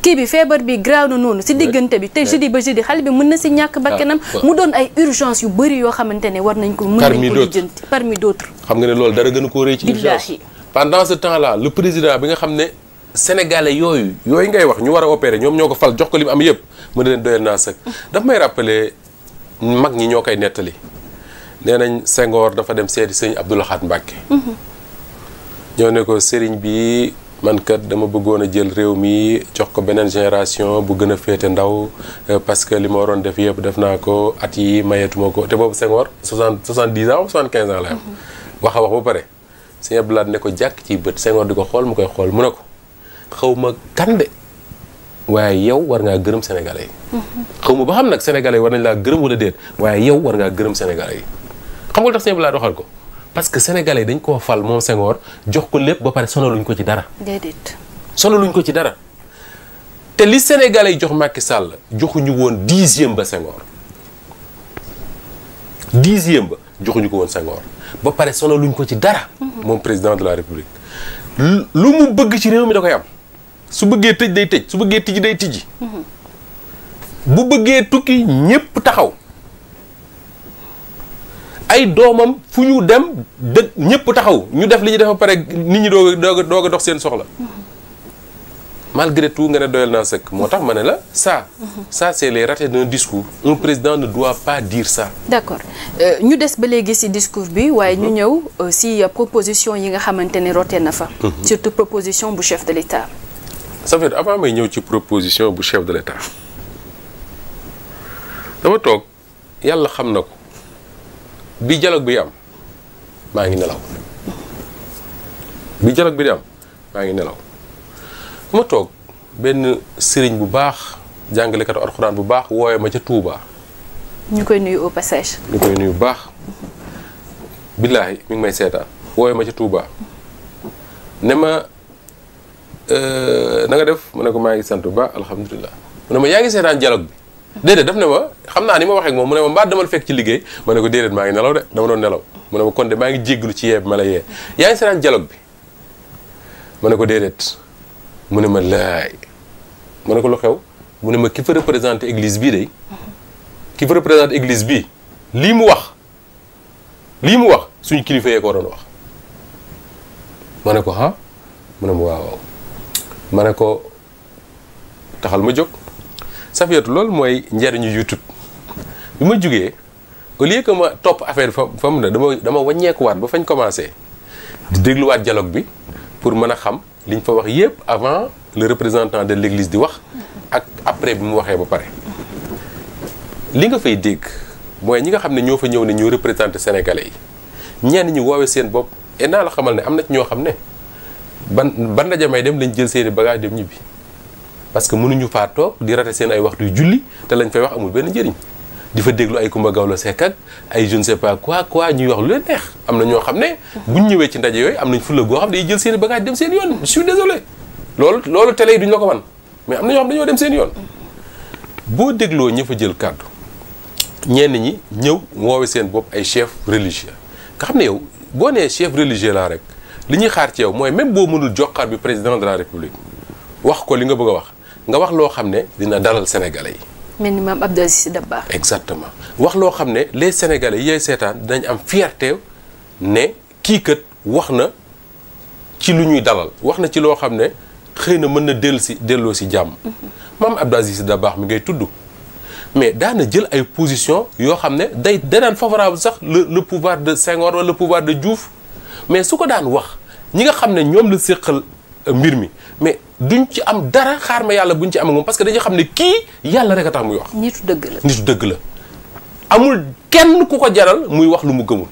kii bi feebar bi graaw na noonu si diggante bi te jeudi ba jeudi xale bi mën na si ñàkk bakkanam ah, mu doon ay urgence yu bëri yoo xamante ne war nañ ko mën nañ ko lijjanti parmi d'autres nga ne loolu dara gën a koo rëy ci urgence pendant ce temps là le président bi nga xam ne sénégalais yooyu yooyu ngay wax ñu war a opérer ñoom ñoo ko fal jox ko li am yëpp mën na leen doyal naa sëkk daf may rappeler mag ñi ñoo koy nettali nee nañ Senghor dafa dem seeti sëñ Abdou Lahad Mbacké ñoo ne ko seriñ bi man kat dama bëggoon a jël réew mi jox ko beneen génération bu gën a féete ndaw euh, parce que li ma waroon def yëpp def naa ko at yi mayetuma ko te boobu Senghor soixante soixante-dix ans soixante-quinze la wax a wax ba pare sëñ Abdou Lahad ne ko jàkk ci bët Senghor di ko xool mu koy xool mu ne ko xaw ma kan de waaye yow war ngaa gërëm sénégalais yi. Mm-hmm. xaw ma ba xam nag sénégalais yi war nañ laa gërëm wala déet waaye yow war ngaa gërëm sénégalais yi xam nga lu tax sëñ Abdou Lahad ko parce que sénégalais yi dañ koo fal moom sengoor jox ko lépp ba pare sono sonaluñ ko ci dara. déedéet sonaluñ ko ci dara. te li sénégalais yi jox Macky Sall joxuñu woon dixième ba sengoor dixième ba joxuñu ko woon Senghor. ba pare solo sonaluñ ko ci dara. moom président de la république. lu mu bëgg ci réew mi da koy am su bëggee tëj day tëj su bëggee tijji day tijji. bu bëggee tukki ñépp taxaw. ay doomam fu ñu dem dëkk ñépp taxaw ñu def li ñu def a pare nit ñi doog doog a dox seen soxla. malgré tout nga ne doyal naa sekk moo tax ma ne la ça. ça c'est les rate d'un discours. un président ne doit pas dire ça. d'accord euh, ñu des ba léegi ci discours bi waaye ñu ñëw si euh, proposition yi nga xamante ne rote na fa. Mhm. surtout proposition bu chef de l'État. ça veut dire avant may ñëw ci proposition bu chef de l'État dama toog yàlla xam na ko bi dialogue bi am maa ngi nelaw bi dialogue bi di am maa ngi nelaw. ma toog benn sëriñ bu baax jàngalekatu alxuraan bu baax wooye ma ca Touba. ñu koy nuyu au bu baax. billaahi mi ngi may seetaan wooye ma ca Touba ne ma euh, na nga def mu ne ko maa ngi sant bu baax alhamdulilah mu ne ma yaa ngi seetaan dialogue bi. déedéet daf ne ma xam naa ni ma waxee ak moom mu ne ma mbaa demal fekk ci liggéey ma ne ko déedéet maa ngi nelaw de dama doon nelaw mu ne ma kon de maa ngi jéggalu ci yee bi ma la yee yaa ngi seetaan dialogue bi ma ne ko déedéet. mu ne ma laay mu ne ko lu xew mu ne ma ki fa représenté eglise bii de ki fa représenté église bii lii mu wax lii mu wax suñu kilifa yee ko doon wax ma ne ko ah mu ne ma waaw ma ne ko taxal ma jóg Safiyatu loolu mooy njariñu YouTube bi ma jugee au lieu que ma topp affaire fa fa mu ne dama dama wàññeekuwaat ba fañ commencé di dégluwaat dialogue bi pour mën a xam liñ fa wax yépp avant le représentant de l'église di wax ak après bi mu waxee ba pare li nga fay dégg mooy ñi nga xam ne ñoo fa ñëw ne ñoo représenté sénégalais yi ñenn ñi woowee seen bopp et naa la xamal ne am na ci ñoo xam ne ban ban ndaje may dem lañ jël seeni bagage dem ñibbi parce que mënuñu faa toog di rate seen ay waxtu yu julli te lañ fay wax amul benn njëriñ di fa déglu ay Kumba Gawlo Seck ak ay je ne sais pas quoi quoi ñuy wax lu leen neex am na ñoo xam ne bu buñ ñëwee ci ndaje yooyu am nañ fulla goo xam ne day jël seen i ngaa dem seen yoon je suis désolé loolu loolu télé yi duñ la ko wan mais am na ñoo xam dañoo dem seen yoon boo dégloo ña fa jël kàddu ñenn ñi ñëw woowe seen bopp ay chef religieux nga xam ne yow boo nee chef religieux laa rek li ñuy xaar ci yow mooy même boo mënul joxaar bi président de la wax ko li nga bëgg a wax nga wax loo xam ne dina dalal sénégalais yi mel ni maam Abdou Aziz Dabakh exactement wax loo xam ne les sénégalais yooyu seetaan dinañ am fierté ne kii kat wax na ci lu ñuy dalal wax na ci loo xam ne xëy na mën na dellu si delloo si jàmm. maam Abdou Aziz Dabakh mi ngay tudd mais daana jël ay position yoo xam ne day danaan favorable sax le le pouvoir de Senghor wala le pouvoir de Diouf mais su ko daan wax ñi nga xam ne ñoom la séqal mbir mi mais duñ ci am dara xaar ma yàlla buñ ci am moom parce que dañu xam ne kii yàlla rek a tax muy wax. nitu dëgg la nitu dëgg la. amul kenn ku ko jaral muy wax lu mu gëmul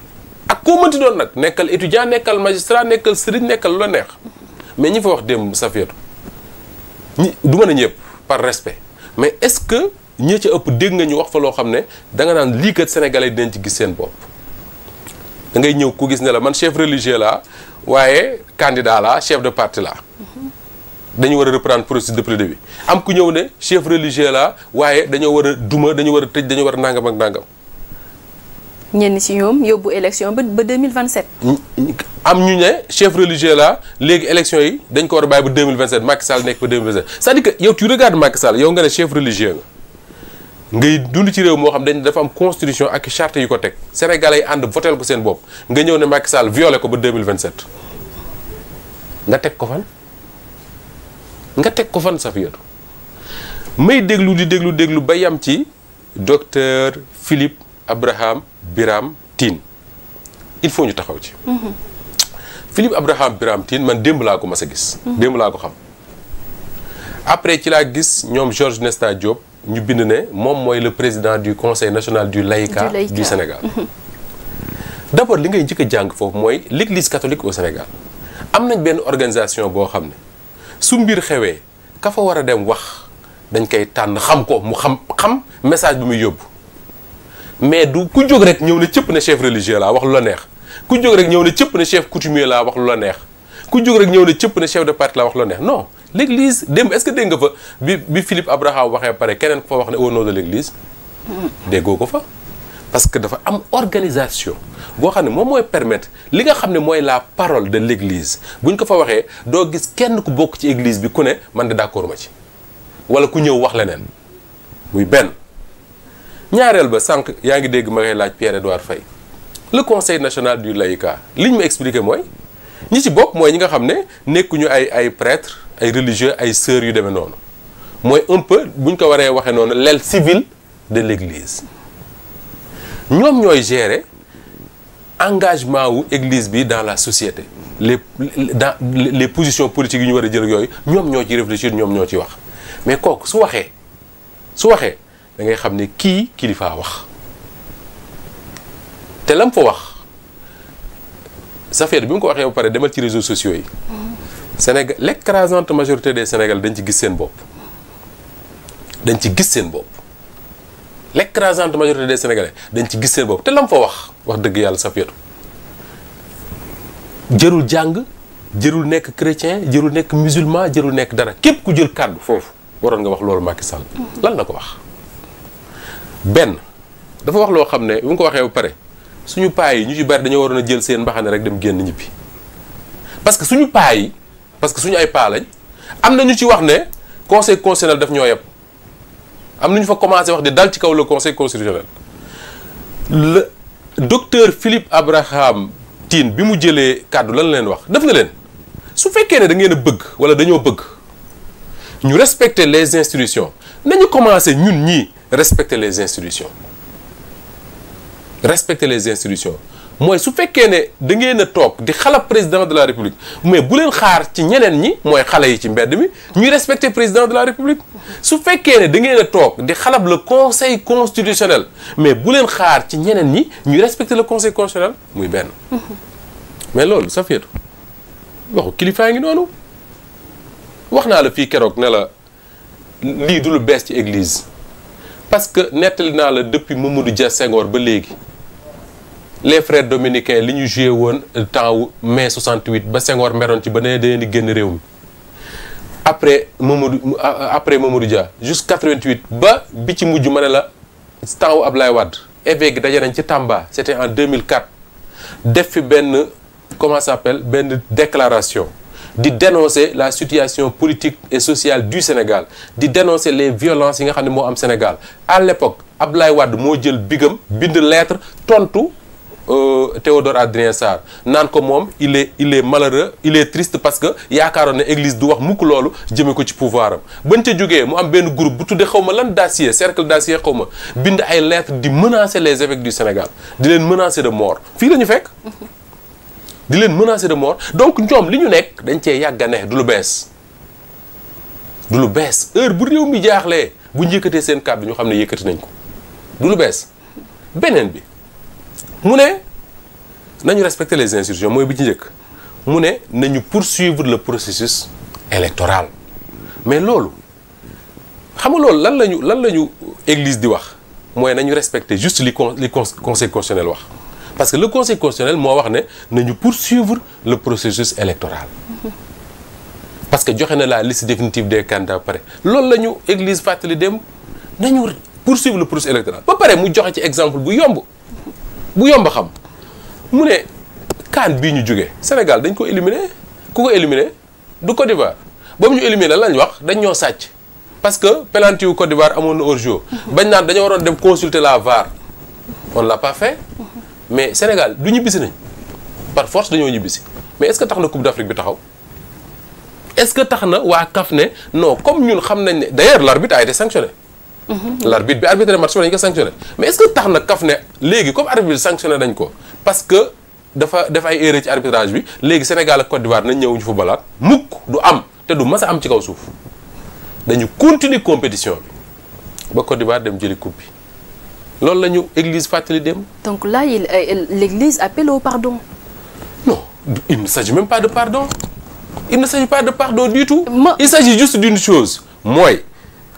ak koo mënti doon nag nekkal étudiant nekkal magistrat nekkal sëriñ nekkal la neex mais ñi fa wax démb Safiatou ñi du mën a ñëpp par respect mais est-ce que ñi ci ëpp dégg nga ñu wax fa loo xam ne danga naan lii kat sénégalais dinañ ci gis seen bopp. da ngay ñëw ku gis ne la man chef religieux la waaye candidat la chef de parti la dañu war a reprendre processus depuis bi am ku ñëw ne chef religieux la waaye dañoo war a duma dañu war a tëj dañu war a nangam ak nangam. ñenn ci ñoom yóbbu élection ba ba 2027. am ñu la léegi élection yi dañ ko war a bàyyi ba 2027 Macky nekk ba 2027 que yow tu regardes Macky Sall yow nga ne chef religieux nga. ngay dund ci réew moo xam dañ dafa am constitution ak charte yu ko teg sénégalais yi ànd votel ko seen bopp nga ñëw ne Macky Sall violé ko ba 2027 nga teg ko fan nga teg ko fan sa fi yotu may déglu di déglu déglu ba yam ci docteur Philippe Abraham Biram Tine il faut ñu taxaw ci mhm. Philippe Abraham Biram Tine man démb laa ko ma sa gis mhm. démb laa ko xam après ci laa gis ñoom Georges Nesta Diop ñu bind ne moom mooy le président du conseil national du laïcat du, du Sénégal d' li ngay jëkk a jàng foofu mooy l' église catholique au Sénégal am nañ benn organisation boo xam ne su mbir xewee ka fa war a dem wax dañ koy tànn xam ko mu xam xam message bi muy yóbbu mais du ku jóg rek ñëw ne cëpp ne chef religieux laa wax lu la neex ku jóg rek ñëw ne cëpp ne chef coutumier laa wax lu la neex ku jóg rek ñëw ne cëpp ne chef de parti laa wax lu la neex non l'église démb est-ce que dégg nga fa bi bi Philippe Abraham waxee pare keneen ko fa wax ne au nom de l'église déggoo ko fa parce que dafa am organisation boo xam ne moom mooy permettre li nga xam ne mooy la parole de l'église buñ ko fa waxee doo gis kenn ku bokk ci église bi ku ne man de d'accord ma ci wala ku ñëw wax leneen muy benn ñaareel ba sànq yaa ngi dégg ma ngay laaj Pierre-Edouard Faye le conseil national du laïcat li ñu ma expliqué mooy ñi ci bokk mooy ñi nga xam ne nekkuñu ay ay prêtre ay religieux ay sœurs yu demee noonu mooy un peu bu ñu ko waree waxee noonu l'aile civile de l'église ñoom ñooy gérer engagement wu église bi dans la société les dans les positions politiques yu ñu war a jël yooyu ñoom ñoo ci réfléchir ñoom ñoo ci wax mais kooku su waxee su waxee dangay xam ni kii kilifaa wax te lam fa wax safeer bi mu ko waxee ba pare demal ci réseau sociaux yi Sénégal l'écrasante majorité des Sénégalais dañ ci gis seen bopp dañ ci gis seen bopp l'écrasante majorité des Sénégalais dañ ci gis seen bopp te lam fa wax wax dëgg yàlla sa feetu jërul jàng jërul nekk chrétien jërul nekk musulman jërul nekk dara képp ku jël kàddu foofu waroon nga wax loolu Macky Sall mhm. lan la ko wax benn dafa wax loo xam ne bi mu ko waxee ba pare suñu paa yi ñu ci bari dañoo waroon a jël seen mbaxane rek dem génn ñibbi parce parce que suñu ay paa am na ñu ci wax ne conseil constitutionnel daf ñoo yeb am na ñu fa commencé wax di dal ci kaw le conseil constitutionnel le docteur Philippe Abraham Tine bi mu jëlee kàddu lan leen wax def na leen su fekkee ne da ngeen a bëgg wala dañoo bëgg ñu respecter les institutions nañu commencé ñun ñii respecter les institutions respecter les institutions. mooy su fekkee ne da ngeen a toog di xala président de la république mais buleen leen xaar ci ñeneen ñi mooy xale yi ci mbedd mi ñuy respecter président de la république su fekkee ne da ngeen a toog di xalab le conseil constitutionnel mais buleen xaar ci ñeneen ñi ñuy respecter la conseil constitutionnel muy benn mais loolu sa féetu waxu kilifaa ngi noonu wax naa la fii keroog ne la lii du lu bees ci église parce que nettali naa la depuis Mamadou Dia sengoor ba léegi les frères dominicains li ñu joué woon temps wu mai 68 ba Senghor meroon ci ba nee daleen di génn réew mi après Mamadou après Mamadou Dia jusqu'à ba bi ci mujj ma ne la temps ab lay wadd évêque gi daje nañ ci Tamba c'était en 2004 def fi benn comment ça benn déclaration di dénoncer la situation politique et sociale du Sénégal di dénoncer les violences yi nga xam ne moo am Sénégal à l'époque Ablaye wadd moo jël bigam bind lettre tontu. Euh, Théodore Adrien Sarr naan ko moom il est il est malheureux il triste parce que yaakaaroon ne église du wax mukk loolu jëmee ko ci pouvoir am bañ ca jógee mu am benn groupe bu tuddee xaw ma lan d'acier cercle d'acier xaw ma bind ay lettres di menacer les évêques du Sénégal di leen menacer de mort fii la ñu fekk di leen menacer de mort donc ñoom li ñu nekk dañ cee yàgg a ne du lu bees du lu bees heure bu réew mi jaaxlee bu ñu yëkkatee seen kàddu ñu xam ne yëkkati nañ ko du lu bees beneen bi mu ne nañu respecter les institutions mooy bi ci njëkk mu ne nañu poursuivre le processus électoral mais loolu xam nga loolu lan la ñu lan la ñu église di wax mooy nañu respecter juste li con li conseil wax parce que le conseil constitutionnel moo wax ne nañu poursuivre le processus électoral parce que joxe na la liste définitive des candidats pare lool la ñu église fàttali dem nañu poursuivre le processus électoral ba pare mu joxe ci exemple bu yomb bu yomba xam mu ne kaan bii ñu jógee Sénégal dañ ko éliminer ku ko éliminer du Côte d'Ivoire boobu ñu éliminer la lañ wax dañ ñoo sàcc parce que penalty wu Côte d'Ivoire amoon na hors-jeu bañ naan dañoo waroon dem consulter la VAR on l'a pas mais Sénégal du ñibbisi nañ par force dañoo ñibbisi mais est-ce que tax na Coupe d'Afrique bi taxaw est-ce que tax na waa CAF ne non comme ñun xam nañ ne d'ailleurs l'arbitre a été sanctionné l' arbitre bi arbitré match dañ ko sanctionné mais est ce que tax na kaf ne léegi comme arbitre bi sanctionné dañ ko parce que dafa def ay erreur ci arbitrage bi léegi Sénégal ak Côte d'Ivoire nañ ñëw ñu fa balaat mukk du am te du mas a am ci kaw suuf dañu continuer compétition bi ba Côte d'Ivoire dem jëli coupe bi loolu la ñu église fàttali dem. donc là il euh, l'église appelle au pardon. non il ne s'agit même pas de pardon il ne s'agit pas de pardon du tout. il s'agit juste d'une chose mooy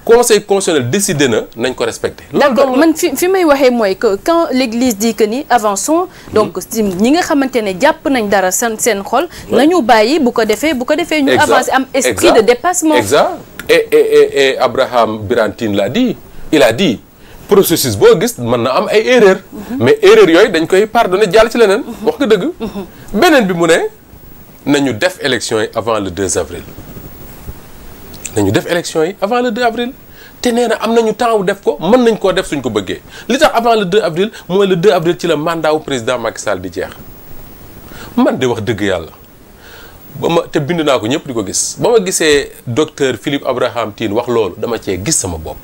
conseil constitutionnel décidé na nañ ko respecté. d'accord man fi fi may waxee mooy que quand l'église dit que ni avançons. donc hmm. ñi nga xamante ne jàpp nañ dara seen seen xol. nañu bàyyi bu ko defee bu ko defee. ñu avancer am esprit de dépassement. exact et et et Abraham Birantine l'a di il di processus boo gis mën na am ay erreur mhm. mais erreur yooyu dañ koy pardonner jàll ci leneen mhm. wax nga dëgg mhm. beneen bi mu ne nañu def élection yi avant le 2 avril nañu def élection yi avant le 2 avril te nee na am nañu temps def ko mën nañ koo def suñ ko bëggee li tax avant le 2 avril mooy le 2 avril ci la mandat wu président Macky Sall di jeex man de wax dëgg yàlla ba ma te bind naa ko ñëpp di ko gis ba ma gisee docteur Philippe Abraham Tine wax loolu dama cee gis sama bopp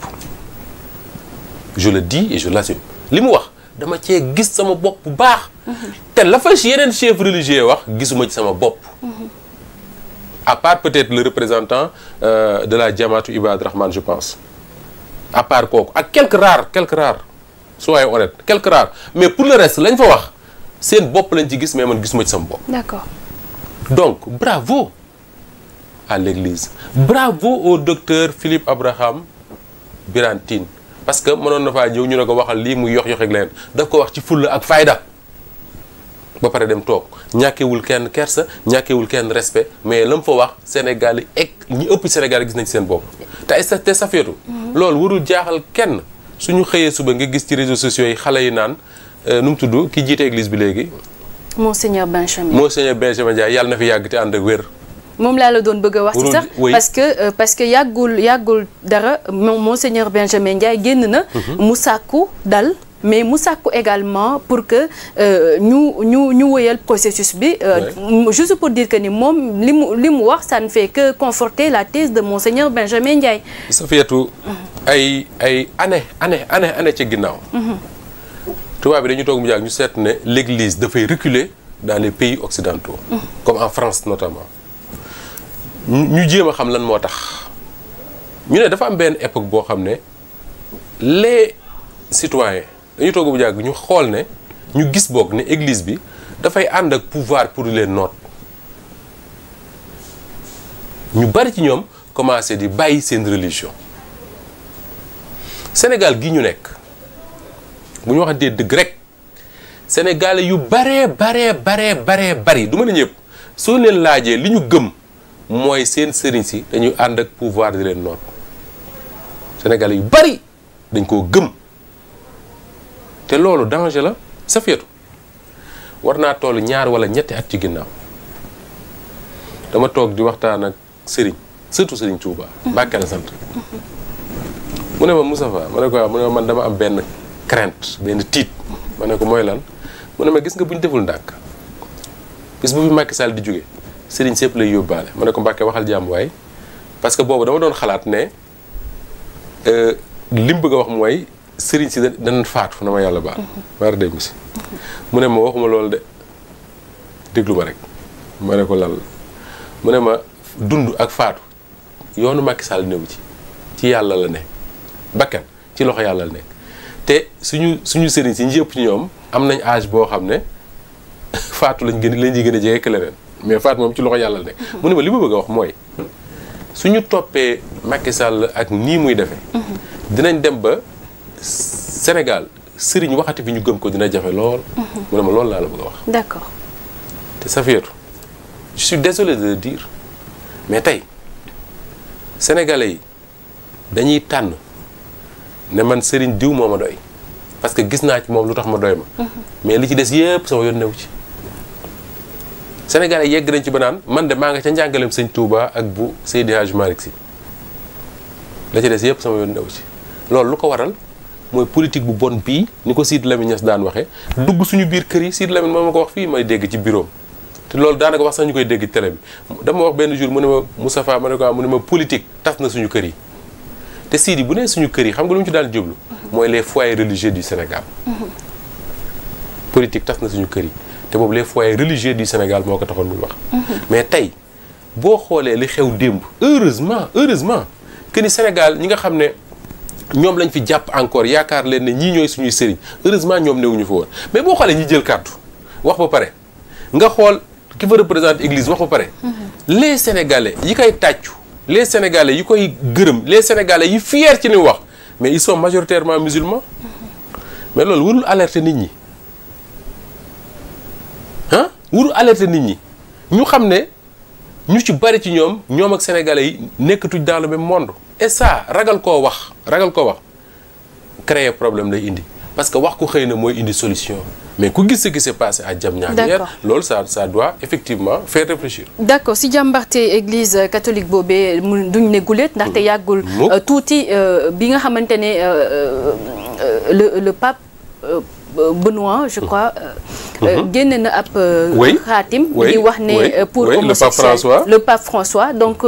je le dis et je li mu wax dama cee gis sama bopp bu baax mhm. te la fa yeneen chef religieux wax gisuma ci sama bopp mhm. à part peut-être le représentant euh, de la Jamaatu Ibad Rahman je pense à part kooku ak quelques rares quelques rares soyons honnêtes quelques rares mais pour le reste lañ fa wax seen bopp lañ ci gis mais man gisuma ci sama bopp. d'accord donc bravo à l'église bravo au docteur Philippe Abraham Birantine parce que mënoon na faa ñëw ñu ne ko waxal lii muy yox yox ak leen daf ko wax ci fulla ak fayda. ba pare dem toog ñàkkewul kenn kersa ñàkkewul kenn respect mais la mu fa wax Sénégal yi ek ñi ëpp Sénégal gis nañ seen bopp. te sa te safeetu mhm. loolu warul jaaxal kenn su suñu xëyee suba nga gis ci réseaux sociaux yi xale yi naan euh, nu mu tudd ki jiite église bi léegi. Monseigneur Benjamin Monseigneur Benjamin Ndiaye yàlla na fi yàgg te ànd ak wér. moom laa la doon bëgg a wax ci sax parce que euh, parce que yàggul yàggul dara monseigneur Benjamin Ndiaye génn na mhm. mu sàkku dal mais mu sàkku également pour que euh, ñu ñu ñu wëyal processus bi. Euh, juste pour dire que ni moom li mu li mu wax ça ne fait que conforter la thèse de monseigneur Benjamin Ndiaye. Safiatou ay ay année année année année ci ginnaaw. Mm-hmm. tubaab bi dañu toog mu jàag ñu seet ne l'église dafay reculer dans les pays occidentaux. Mm-hmm. comme en France notamment ñu jéem a xam lan moo tax ñu ne dafa am benn époque boo xam ne les citoyens. dañu toog bu jàgg ñu xool ne ñu gis boog ne église bi dafay ànd ak pouvoir pour leen noot ñu bari ci ñoom commencé di bàyyi seen religion Sénégal gi ñu nekk bu ñu waxantee dëgg rek sénégalais yu baree baree baree baree bari duma ma ne ñëpp soo leen laajee li ñu gëm mooy seen sëriñ si dañuy ànd ak pouvoir di leen noot sénégalais yu bari dañ koo gëm. te loolu danger la sa feetu war naa toll ñaar wala ñetti at ci ginnaaw dama toog di waxtaan ak sëriñ surtout sëriñ Touba. Mhm. Mbàkke la sant. mu ne ma Moustapha ma ne mu ne ma man dama am benn crainte benn tiit ma ne ko mooy lan mu ne ma gis nga bu ñu deful ndànk bis bu fi Macky Sall di jóge sëriñ sépp lay yóbbaale ma ne ko Mbàkke waxal jàmm waay parce que boobu dama doon xalaat ne euh, lim bëgg a wax mooy sëriñ si dana faatu na ma yàlla baal. baara dem si. mu ne ma waxuma loolu de déglu rek ma ne ko lan la mu ne ma dund ak faatu yoonu Macky sàll newu ci ci yàlla la ne bakkan ci loxo yàlla la te suñu suñu sëriñ si ñi ëpp ci ñoom am nañ âge boo xam ne (laughs) faatu lañ gën lañ ciy gën a jege mais faatu moom ci loxo yàlla la mu ne ma li ma bëgg a wax mooy suñu toppee Macky sàll ak nii muy defee. Mhm. dinañ dem ba. Sénégal sëriñ waxati bi ñu gëm ko dina jafe lool. Mhm. mu ne ma loolu laa la bëgg a wax. d'accord te Safiatou je suis désolé de le mais tey sénégalais yi dañuy tànn ne man sëriñ diw moo ma doy parce que gis naa ci moom lu tax ma doy ma. Mhm. mais li ci des yépp sama yoon newu ci. sénégalais yegg nañ ci ba naan man de maa nga ca njàngaleem sëñ Touba ak bu Seydi Hadj Malick Sy la ci des yépp sama yoon newu ci loolu lu ko waral. mooy politique bu bon bii ni ko siit Lamine Niass daan waxee. dugg suñu biir kër yi Sidy Lamine moo ma ko wax fii may dégg ci bureau te loolu daanaka wax sax ñu koy dégg ci télé bi dama wax benn jour mu ne ma Moustapha ma ne ko ah mu ne ma politique tas na suñu kër yi te Sidy bu nee suñu kër yi xam nga lu mu ci daan jublu. mooy les foyers religieux du Sénégal. politique tas na suñu kër yi te boobu les foyers religieux du Sénégal moo ko taxoon muy wax. mais tey boo xoolee li xew démb heureusement heureusement que ñi nga xam ne. ñoom lañ fi jàpp encore yaakaar leen ne ñii ñooy suñuy sëriñ heureusement ñoom newuñu fa woon mais boo xoolee ñi jël kàddu wax ba pare nga xool ki fa représente église wax ba pare mhm. les sénégalais yi koy tàccu les sénégalais yi koy gërëm les sénégalais yi fier ci ne wax mais ils sont majoritairement musulmans mhm. mais loolu warul alerter nit ñi ah warul alerter nit ñi ñu xam ne ñu ci bari ci ñoom ñoom ak sénégalais yi nekkatuñ dans le même monde et ça ragal koo wax ragal ko wax créer problème lay indi parce que wax ku xëy na mooy indi solution mais ku gis ce qui s'est passé à Diamniadio hier loolu ça ça doit effectivement faire réfléchir d'accord si jàmbarte église euh, catholique boobee mu duñ ne guléet ndaxte mm. yàggul euh, tuuti euh, bi nga xamante ne le le pape Benoît je crois. Euh, mhm. euh, génne na ab. Euh, xaatim di wax ne pour homosexuel le pape François donc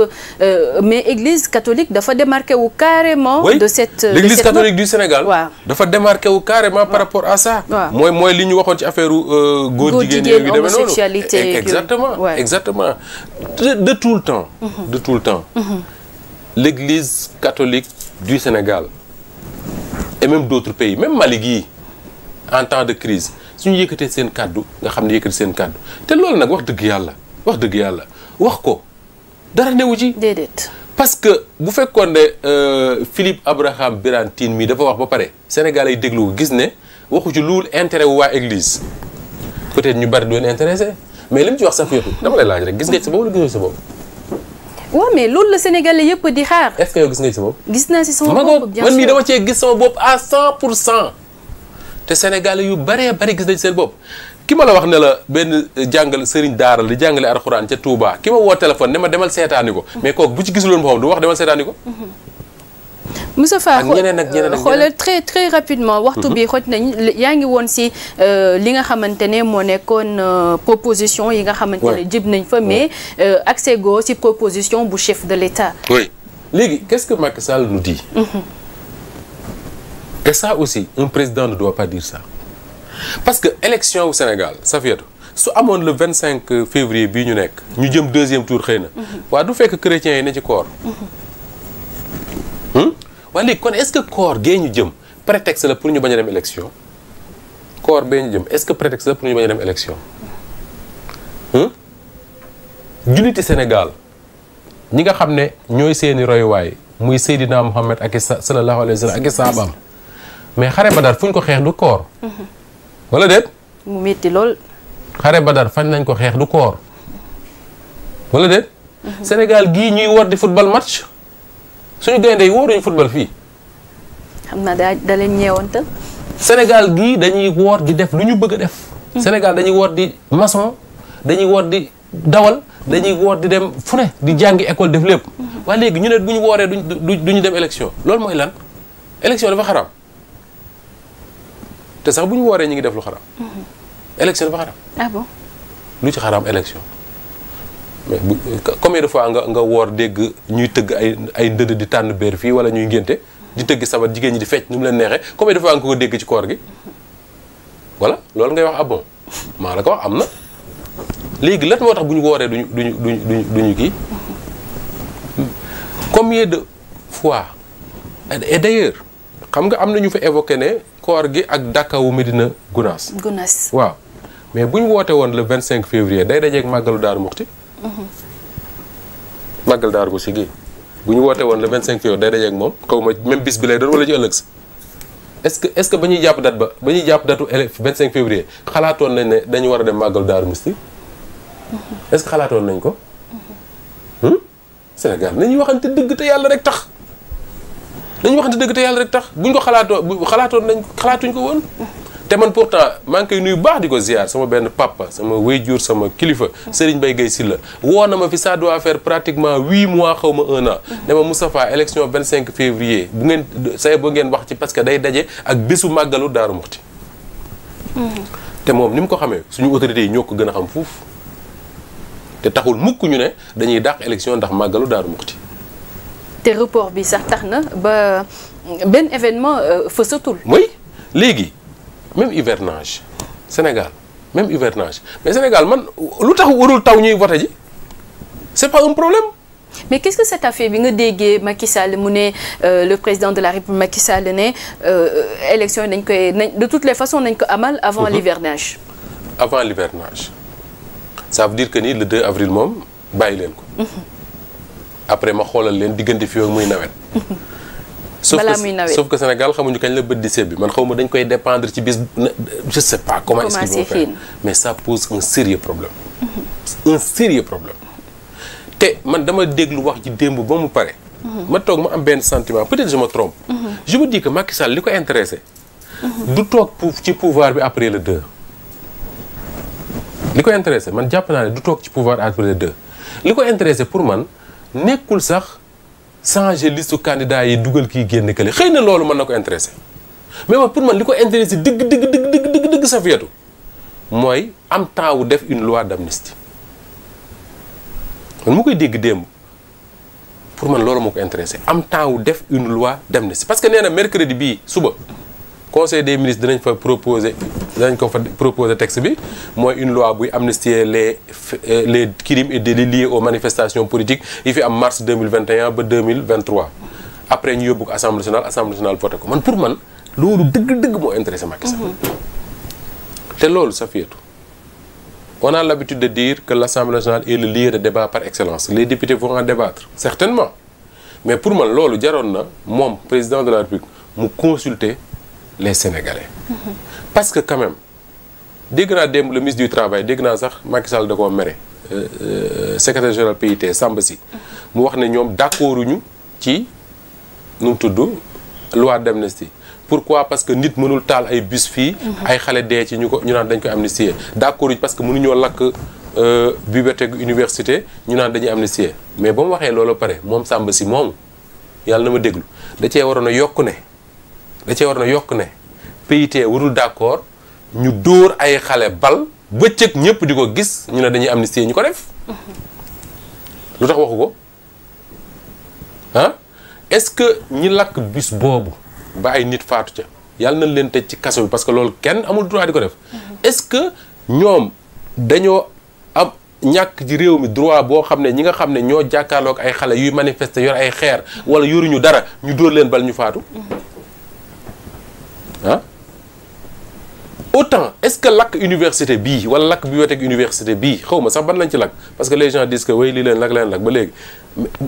mais église catholique dafa démarqué wu carrément. de cette l'église catholique du Sénégal. waaw dafa démarqué wu carrément par rapport à ça. mooy mooy li ñu waxoon ci affaire góor jigéen yooyu demee noonu e, exactement exactement de tout le temps. Mhm. de le temps. Mhm. l'église catholique du Sénégal et même d'autres pays même Mali gii. en temps de crise ñu yëkkatee seen kàddu nga xam ne yëkkati seen kàddu te loolu nag wax dëgg yàlla wax dëgg yàlla wax ko dara newu ci. déedéet. parce que bu fekkoon ne euh, Philippe Abraham Birantine mii dafa wax ba pare Sénégalais yi déglu ko gis ne waxu ci luul intérêt wu waa église peut ñu bari du leen intéressé mais li mu ci wax sax yëpp dama lay laaj rek gis nga sa bopp sa bopp. waaw mais loolu la sénégalais yëpp di xaar. est gis nga ci sa gis naa ci sama bopp man mii bopp à pour cent te sénégalais yu baree bari gis nañ seen bopp ki ma la wax ne la benn jàngal sëriñ daara li jàngale alxuraan ca Touba ki ma woo téléphone ne ma demal seetaani ko mais kooku bu ci gisuloon boppam du wax demal seetaani ko mm-hmm. Moussa Fall xoolal très très rapidement waxtu bi mm-hmm. xoj nañ yaa ngi woon si euh, li nga xamante ne moo nekkoon euh, proposition yi nga xamante ne jib nañ fa mais euh, accès go si proposition bu chef de l'État oui léegi qu'est-ce que Macky Sall et ça aussi un président ne doit pas dire ça parce que élection Sénégal Safiatou su amoon le cinq février bii ñu nekk ñu jëm deuxième tour xëy na waa du fekk chrétiens yi ne ci koor hmm? waa léegi kon est-ce que koor gee ñu jëm prétexte la pour ñu bañ a dem élection koor bee ñu jëm est-ce que prétexte la pour ñu bañ a dem élection hmm? julliti Sénégal ñi nga xam ne ñooy seeni royuwaay muy Seydina Mohamed ak i sallallahu alayhi wa sallam ak i saabaam mais xare badar fu ñu ko xeex du koor. wala déet. mu métti lool. xare badar fañ nañ ko xeex du koor. wala déet. Sénégal gii ñuy war di football match suñu gaynde yi wooruñu football fii. xam naa daa da leen Sénégal gii dañuy woor di def lu ñu bëgg a def. Sénégal dañuy woor di maçon dañuy woor di dawal dañuy woor di dem fu ne di jàngi école def lépp. Mhm. waaye léegi ñu ne bu ñu wooree duñ duñ dem élection loolu mooy lan élection dafa xaram. te sax bu ñu wooree ñu ngi def lu xaraam. Mhm. élection dafa xaraam. ah bon lu ci xaram élection. comme bu fois nga nga woor dégg ñuy tëgg ay ay ndënd di tànn béer fii wala ñuy ngénte di tëgg sabar jigéen ñi di fecc nu mu leen neexee combien de fois nga ko dégg ci koor gi. voilà loolu ngay wax ah bon maa la ko wax am na léegi lan moo tax bu ñu wooree duñu duñu duñu duñu kii combien de fois et d'ailleurs xam nga am na ñu fa évoqué ne koor gi ak dàkkawu Medina Gunaas. Gunaas waaw mais bu ñu wootee woon le cinq février day dajeeg màggalu Daaru Muxti. màggal mhm. Daaru Muxti gi bu ñu wootee woon vingt cinq février day dajeeg moom xaw ma même bis bi lay doon wala ñu ëllëg si. est-ce que est-ce que ba ñuy jàpp date ba ba ñuy jàpp datu 25 février xalaatoon nañ ne dañu war a dem màggalu Daaru Muxti. Mhm. est xalaatoon nañ ko. Mhm. Hmm? Sénégal nañuy te dëgg te yàlla rek tax. wax waxante dëgg te yàlla rek tax buñ ko xalaatoo bu xalaatoon nañ xalaatuñ ko woon. te man pourtant maa ngi koy nuyu baax di ko ziar sama benn papa sama wéyjur sama kilifa Serigne Baye Guèye Sylla woo na ma fi ça doit faire pratiquement huit mois xaw ma un an ne ma Moustapha élection vingt cinq février bu ngeen say boo ngeen wax ci parce que day daje ak bésu màggalu Daaru Muxti te moom ni mu ko xamee suñu autorités yi ñoo ko gën a xam fuuf te taxul mukk ñu ne dañuy dàq élection ndax màggalu Daaru Muxti te report bi sax tax na ba benn événement euh, fësatul. oui léegi même hivernage Sénégal même hivernage mais Sénégal man lu tax warul taw ñuy vote ji c'est pas un problème. mais qu'est-ce que cette affaire bi nga déggee Macky Sall mu ne euh, le président de la République Macky Sall ne euh, élection yi dañ koy nañ de toutes les façons nañ ko amal avant mhm. l'hivernage avant l'hivernage ça veut dire que ni le 2 avril moom bàyyi leen ko mhm. après ma xoolal leen diggante fi ak muy nawet. balaa muy nawet sauf que Sénégal xamuñu kañ la bët di bi man xaw ma dañ koy dépendre ci bis je sais pas comment est mais ça pose un sérieux problème. problème. te man dama déglu wax ji démb ba mu pare. ma toog ma am benn sentiment peut-être je me trompe. je que Macky Sall li ko intéressé. du toog ci pouvoir bi après le 2. li ko intéressé man jàpp naa ne du toog ci pouvoir après le 2 li ko intéressé pour man. nekkul sax changer liste candidat yi dugal kii génn kële xëy na loolu mën na ko intéressé mais man pour man li ko intéressé dëgg dëgg dëgg dëgg dëgg dëgg sa feetu mooy am temps wu def une loi d'amnistie man mu koy dégg démb pour man loolu moo ko intéressé am temps wu def une loi d'amnistie parce que nee na mercredi bii suba conseil des ministres dinañ fa proposer dinañ ko fa proposer texte bi mooy une loi buy ee les euh, les crimes et délits liés aux manifestations politiques yi fi am mars 2021 ba 2023 après ñu yóbbu ko assemblée nationale assemblée nationale voté ko man pour man loolu dëgg-dëgg moo intéressé Macky mhm. te loolu Safiatou on a l'habitude de dire que l'assemblée nationale est le lieu de débat par excellence les députés vont en débattre certainement mais pour man loolu jaroon na moom président la République mu consulter les sénégalais. parce que quand même dégg naa démb le ministre du travail dégg naa sax Macky Sall da koo mere. Euh, euh, secrétaire général PIT sàmba si mu wax ne ñoom d'accorduñu ci nu mu tudd loi d'amnistie pourquoi parce que nit mënul taal ay bus fii. ay xale dee ci ñu ko ñu naan dañ ko amnistier d'accorduñu parce que mënuñoo lakk euh, bibliothèque université ñu naan dañuy amnistier mais ba mu waxee loolu pare moom sàmba si moom yàlla na ma déglu da cee waroon a yokk ne. da cee war na yokk ne PIT warul d'accord ñu dóor ay xale bal bëccëg ñëpp di ko gis ñu ne dañuy am amnistie ñu ko def lu tax waxu ko ah est-ce que ñi lakk bus boobu ba ay nit faatu ca yàlla nañ leen tëj ci kaso bi parce que loolu kenn amul droit di ko def est-ce que ñoom dañoo am ñàkk ci réew mi droit boo xam ne ñi nga xam ne ñoo jàkkaarloog ay xale yuy manifester yor ay xeer wala yoruñu dara ñu dóor leen bal ñu faatu ah autant est-ce que lakk université bii wala lakk bibliothèque université bii xaw ma sax ban lañ ci lakk parce que les gens disent que way lii leen lakk leen lakk ba léegi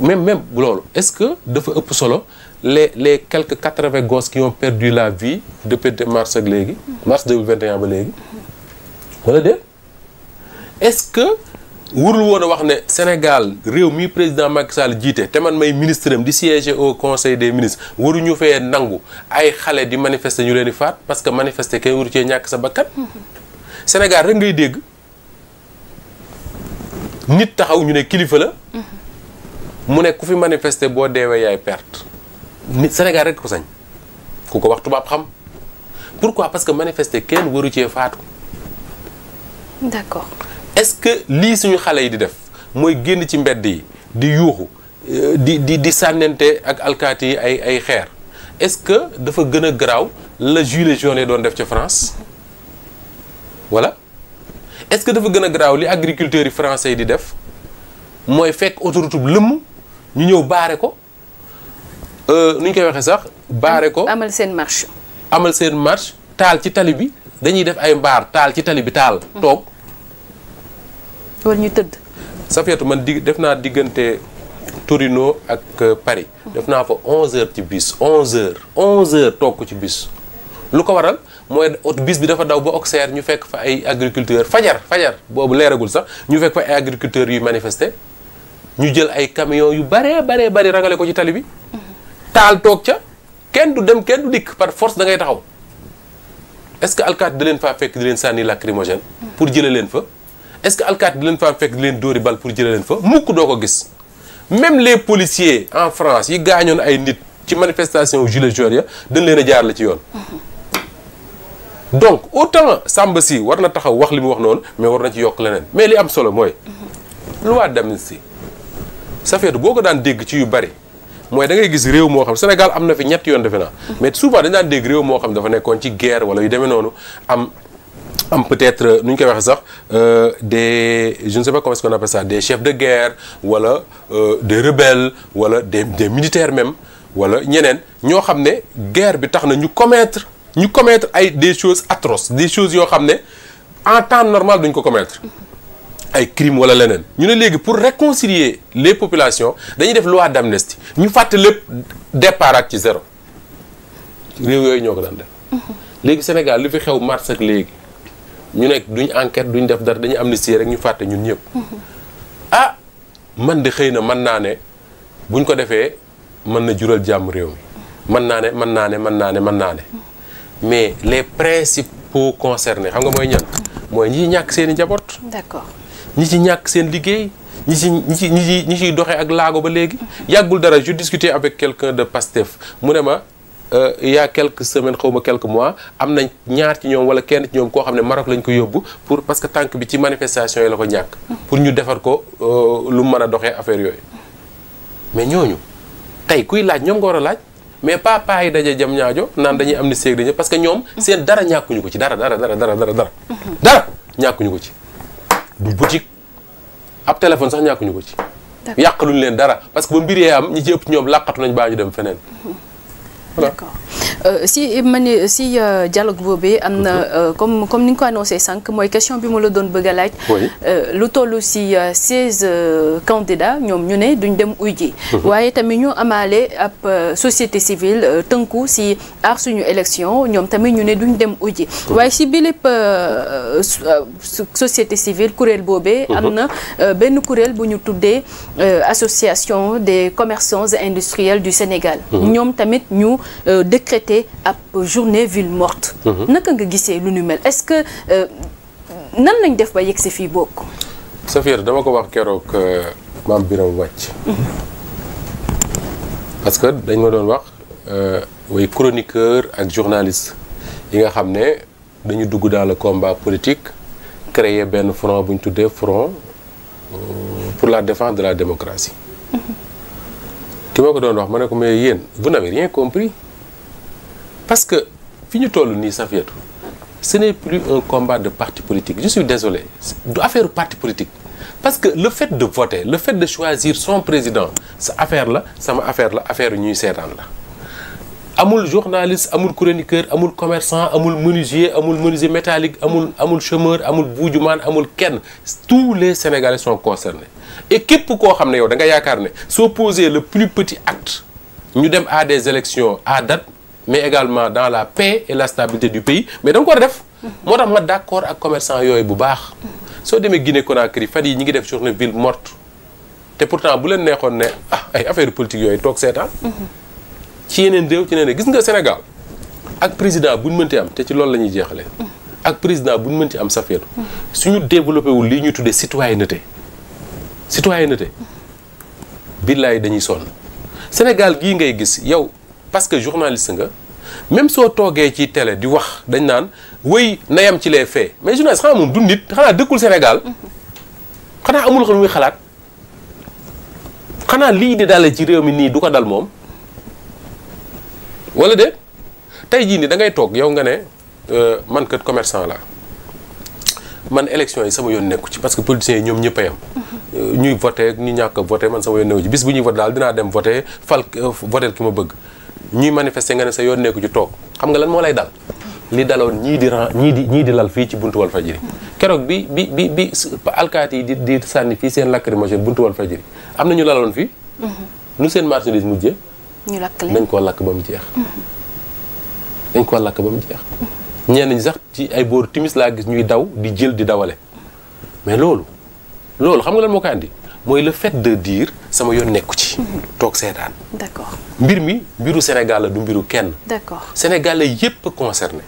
même même loolu est-ce que dafa ëpp solo les les quelques quatre-vingts gosses qui ont perdu la vie depuis mars ak léegi mars 2021 ba léegi wala déet est-ce que warul woon a wax ne Sénégal réew mii président Macky Sall jiite te man may ministre am di siéger au conseil des ministres waruñu fee nangu ay xale di manifester ñu leen di faat parce que manifester kenn waru cee ñàkk sa bakkan Sénégal rek ngay dégg nit ñu ne kilifa la. mu ne ku fi manifester boo deewee yaay perte. nit Sénégal rek ko ku ko wax tubaab xam pourquoi parce que manifester kenn waru cee faatu. d'accord. est-ce que lii suñu xale yi di def mooy génn ci mbedd yi di yuuxu euh, di di di sànnente ak alkaati ay ay xeer est-ce que dafa gën a garaaw la gilet jaune doon def ca France voilà est-ce que dafa gën a garaaw li agriculteurs yi français yi di def mooy fekk autorité bu lëmm ñu ñëw baare ko euh, nu ñu koy waxee sax baare ko amal seen marche amal seen marche taal ci tali bi dañuy def ay mbaar taal ci tali bi taal toog wala ñu tëdd. Safiatou man di def naa diggante Torino ak euh, Paris. def naa fa 11h ci bus 11h 11h toog ci bis lu ko waral mooy bis bi dafa daw ba Auxerre ñu fekk fa ay agriculteurs fajar fajar boobu leeragul sax ñu fekk fa ay agriculteurs yuy manifester ñu jël ay camions yu baree baree bari rangale ko ci tali bi taal toog ca kenn du dem kenn du dikk par force da ngay taxaw est-ce que alkaati da leen faa fekk di leen sànni lacrymogène pour jële leen fa est-ce que alkaati di leen fa fekk di leen dóori bal pour jëlee leen fa mukk doo ko gis même les policiers en France yi gaañoon ay nit ci manifestation gilets jaunes ya dañ leen a jaar la ci yoon donc autant Samba si war na taxaw wax li mu wax noonu mais war na ci yokk leneen mais li am solo mooy loi d'amnistie safeetu boo ko daan dégg ci yu bari mooy da ngay gis réew moo xam Sénégal am na fi ñett yoon defe naa mais souvent dañ daan dégg réew moo xam dafa nekkoon ci guerre wala yu demee noonu am am peut-être euh, nu ñu koy waxee sax euh, des je ne sais pas comment est des chefs de guerre wala euh, des rebelles wala des des militaires même wala ñeneen ñoo xam ne guerre bi tax na ñu commettre ñu commettre ay des choses atroces des choses yoo xam ne en temps normal duñ ko commettre ay crimes wala leneen ñu ne léegi pour réconcilier les populations dañuy def loi d'amnistie ñu fàtte lépp départ ci zéro réew yooyu ñoo ko daan def mhm. léegi Sénégal li fi xew mars ak léegi ñu nekk duñ enquête duñ def dara dañuy amnistie rek ñu fàtte ñun ñëpp. ah man de xëy na man naa ne buñ ko defee mën na jural jàmm réew mi mën naa ne mën naa ne mën naa ne mën naa ne mais les principaux concernés xam nga mooy ñan. mooy ñi ñàkk seen i njaboot. d'accord ñi ci ñàkk seen liggéey. ñi ci ñi ci ñi ciy doxee ak laago ba léegi. yàggul dara je discutais avec quelqu'un de Pastef mu ne ma. Euh, il y a quelques semaines xaw mois am na ñaar ci ñoom wala kenn ci ñoom koo xam ne Maroc lañ ko yóbbu pour parce que tànk bi ci manifestation yi la ko ñàkk. pour ñu defar ko euh, lu mën a doxee affaire yooyu. mais ñooñu tey kuy laaj ñoom nga war a laaj mais papa yi daje jam ñaajo naan dañuy am ni seeg dañuy parce que ñoom. seen dara ñàkkuñu ko ci dara dara dara dara dara. dara ñàkkuñu ko ci. du boutique ab téléphone sax ñàkkuñu ko ci. yàqaluñ leen dara parce que ba mbir yee am ñi ci ñoom làqatu nañ baa ñu dem feneen. voilà. D'accord. Euh, si ma ne si euh, dialogue boobee am na mhm. euh, comme comme ni nga ko annoncé sànq mooy question bi mu la doon bëgg a laaj. lu toll si seize candidats ñoom ñu ne duñ dem uy ji. Mhm. waaye tamit ñu amaale ab société civile tënku si aar suñu élection ñoom tamit ñu ne duñ dem uy ji. Mhm. waaye si bi lépp société civile kuréel boobee. am na benn kuréel bu ñu tuddee association des commerçants industriels du Sénégal. ñoom tamit ñu décréter ab journée ville morte. Mhm. naka nga gisee lu nu mel est-ce que euh, nan lañ def ba yegg si fii bokk. Safir dama ko wax keroog euh, maam Biram wàcc. Mhm. parce que dañ ma doon wax euh, way chroniqueur ak journaliste yi nga xam ne dañu dugg dans le combat politique créer benn front bu ñu tuddee front pour la défense de la démocratie. Mhm. ki ma ko doon wax ma ne ko mais yéen vous n'avez rien compris. parce que fi ñu toll nii Safiatou ce n'est plus un combat de parti politique je suis désolé du affaire parti politique parce que le fait de voter le fait de choisir son président sa affaire la sama affaire la affaire ñuy seetaan la amul journaliste amul chroniqueur amul commerçant amul menuisier amul menuisier métallique amul amul chômeur amul buujumaan amul kenn tous les sénégalais son concernés et képp koo xam ne yow da nga yaakaar ne soo poser le plus petit acte ñu dem à des élections à date mais également dans la paix et la stabilité du pays mais da ko war a def. moo tax ma d'accord ak commerçant yooyu bu baax. soo demee Guinée Conakry fan yi ñu ngi def journée ville morte te pourtant bu leen neexoon ne ah ay affaire politique yooyu toog seetaan. ci yeneen réew ci yeneen gis nga Sénégal ak président bu ñu mënti am te ci loolu la ñuy jeexalee. ak président bu ñu mënti am safeetu suñu développé wul lii ñuy tuddee citoyenneté citoyenneté billaay dañuy sonn Sénégal gii ngay gis yow. parce que journaliste nga même soo toogee ci télé di wax dañ naan wéy na yam ci les faits mais journaliste xanaa moom du nit xanaa dëkkul Sénégal xanaa amul xam muy xalaat xanaa lii di dalee ci réew mi nii du ko dal moom walla de tey jii nii dangay toog yow nga ne euh, man kat commerçant la man élection yi sama yoon nekku ci parce que politiciens yi ñoom ñëpp a yam euh, ñuy voté ak ñu ñàkk a voté man sama yoon nekku ci bis bu ñuy voté daal dinaa dem voté fal euh, voté ki ma bëgg ñuy manifester nga ne sa yoon nekku ci toog xam nga lan moo lay dal li daloon ñii di ran ñii di ñii di lal fii ci buntu Walfadjri keroog bi bi bi bi alkaati yi di di sànni fii seen lacrymogène buntu Walfadjri am na ñu laloon fii mm-hmm. nu seen marchandise mujjee ñu lakk leen dañ koo lakk ba mu jeex mm-hmm. dañ koo lakk ba mu jeex mm-hmm. ñenn ñi sax ci ay booru timis laa gis ñuy daw di jël di dawale mais loolu loolu xam nga lan moo ko andi mooy le fait de dire sama yoon nekku ci. toog seetaan. d'accord mbir mi mbiru Sénégal la du mbiru kenn. d'accord Sénégalais yépp concerné.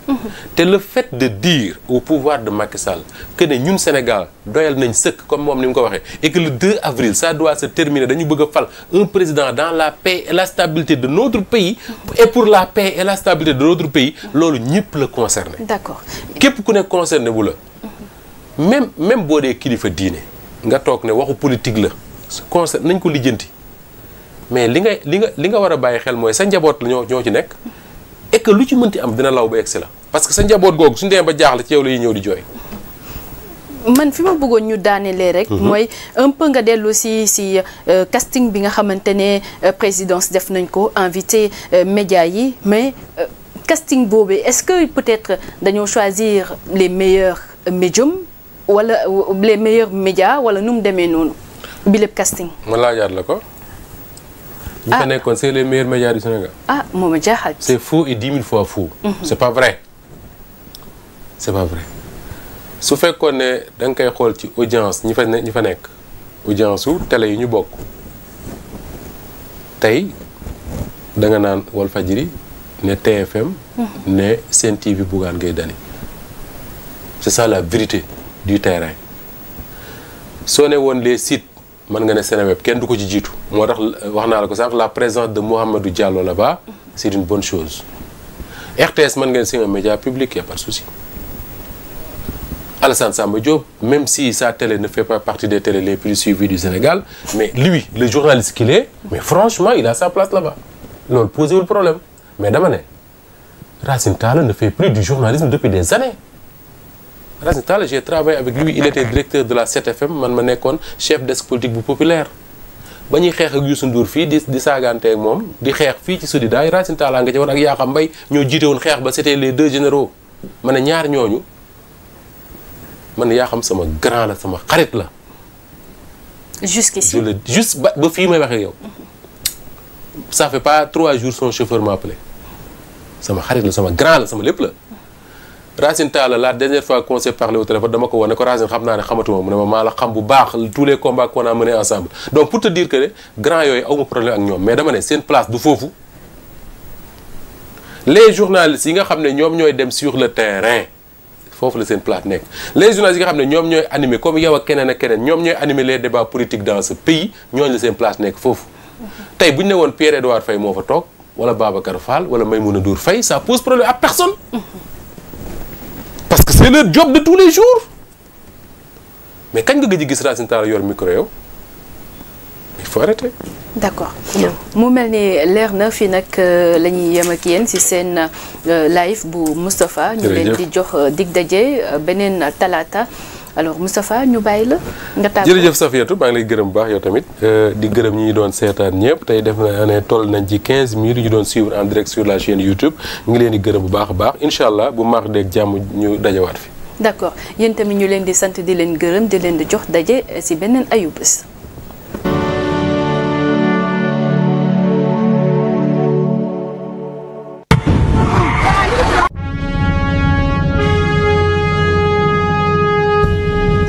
te le fait de dire au pouvoir de Macky Sall que ne ñun Sénégal doyal nañ sëkk comme moom ni mu ko waxee et que le 2 avril ça doit se terminer dañu bëgg a fal un président dans la paix et la stabilité de notre pays. et pour la paix et la stabilité de notre pays loolu ñépp la concerné. d'accord képp ku ne concerné wu la. même même boo dee kilifa diine. nga toog ne waxu politique la conseil nañ ko lijjanti mais li nga li nga li nga war a bàyyi xel mooy sa njaboot la ñoo ñoo ci nekk et lu ci mënti am dina law ba egsi la parce que sa njaboot googu suñu demee ba jaaxle ci yow la ñuy ñëw di jooy man fi ma bëggoon ñu daaneele rek. Mhm. mooy un peu nga dellu si si euh, casting bi nga xamante ne euh, présidence def nañ ko invité euh, média yi mais casting boobu est-ce que peut-être dañoo choisir les meilleurs médiums. wala les meilleurs médias wala nu mu demee noonu bi lépp casting. laa laajaat la ko. ah ñu fa nekkoon c'est les meilleurs médias du Sénégal. ah moo ma jaaxal. c'est faux et dix mille fois faux. Mhm. c'est pas vrai c'est pas vrai su fekkoon ne da nga koy xool ci audience ñi fa ne ñi fa nekk audience su tele yu ñu bokk tey da nga naan Walfadjri ne TFM. Mhm. ne Sen TV Bougane Gueye Dany c'est ça la vérité. du terrain soo ne woon les sit mën nga ne Seneweb kenn du ko ci jiitu moo tax euh, wax naa la ko sànq la présence de Mouhamadou Diallo là ba c' est une bonne chose RTS mën nga ne c' média public y a pas de souci Alassane Samba même si sa télé ne fait pas partie des télés les plus suivies du Sénégal mais lui le journaliste qu'il est mais franchement il a sa place là-bas loolu posewul problème mais dama ne Racine Talla ne fait plus du journalisme depuis des années Racine Talla j'ai travaillé avec lui il était directeur de la 7FM man ma nekkoon chef desk politique bu populaire ba ñuy xeex ak Youssou Ndour fii di di saagante moom di xeex fii ci sudi daay Racine Talla nga ci woon ak Yakham Mbaye ñoo jiite woon xeex ba c'était les deux généraux ma ne ñaar ñooñu man yaa xam sama grand la sama xarit la. jusqu'ici le juste ba ba fii may wax yow. ça fait trois jours son chauffeur m'a appelé sama xarit la sama grand la sama lépp la. Racine Talla la dernière fois qu'on s'est parlé au téléphone dama ko woon ne ko Racine xam naa ne xamatuma mu ne ma maa la xam bu baax tous les combats a menés ensemble donc pour te dire que grand yooyu awma problème ak ñoom mais dama ne seen place du foofu les journalistes yi nga xam ne ñoom ñooy dem sur le terrain foofu la seen place nekk les journalistes yi nga xam ne ñoom ñooy animer comme yow ak keneen ak keneen ñoom ñooy animer les débats politiques dans ce pays ñooñu la foofu tey bu ñu ne woon Pierre Édouard Faye moo fa toog wala Babacar Fall wala Maymouna Ndour Faye ça pose problème à personne c'est leur job de tous les jours mais kañ nga gëj gis Racine Talla yor micro yow il faut arrêter. d'accord mu mel ni leer na fii nag euh, la ñuy yem ak yéen ci seen euh, live bu Moustapha. ñu leen di jox euh, dig daje beneen talaata. alors Moustapha ñu bàyyi la nga tàggu jërëjëf Safiatou maa ngi lay gërëm bu baax yoo tamit euh, di gërëm ñi ñu doon seetaan ñëpp tey def na ne toll nañ ci 15 minutes ñu doon suivre en direct sur la chaîne YouTube ñu ngi leen di gërëm bu baax a baax incha allah bu maax deeg jàmm ñu dajawaat fi d'accord yéen mi ñu leen di sant di leen gërëm di leen di jox daje si beneen ayubés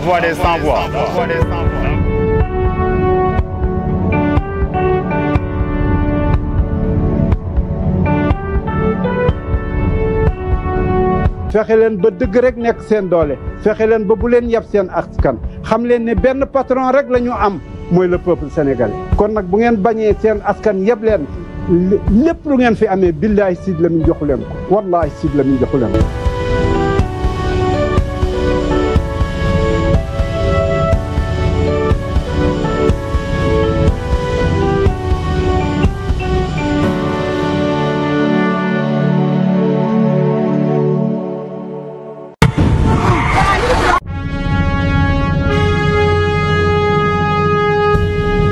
La voix des sans-voix. La voix des sans-voix. fexe leen ba dëgg rek nekk seen doole fexe leen ba bu leen yab seen askan xam leen ne benn patron rek la ñu am mooy le peuple sénégalais kon nag bu ngeen bañee seen askan yab leen lépp lu ngeen fi amee billahi Sidy Lamine joxu leen ko wallahi Sidy Lamine joxu leen ko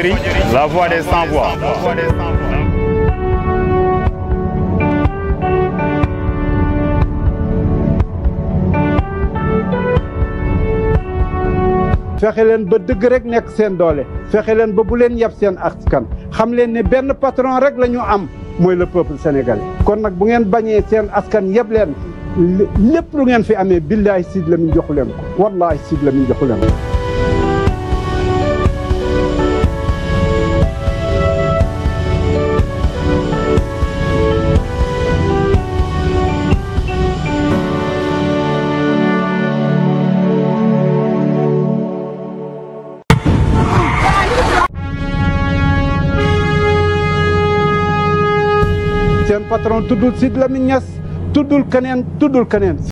Walfadjri des sans fexe leen ba dëgg rek nekk seen doole fexe leen ba bu leen yab seen askan xam leen ne benn patron rek la am mooy le peuple sénégalais kon nag bu ngeen bañee seen askan yëpp leen lépp lu ngeen fi amee billaahi Sidy Lamine joxu leen ko wallaahi Sidy Lamine joxu leen ko tuddul Sidy Lamine Niass tuddul keneen tuddul keneen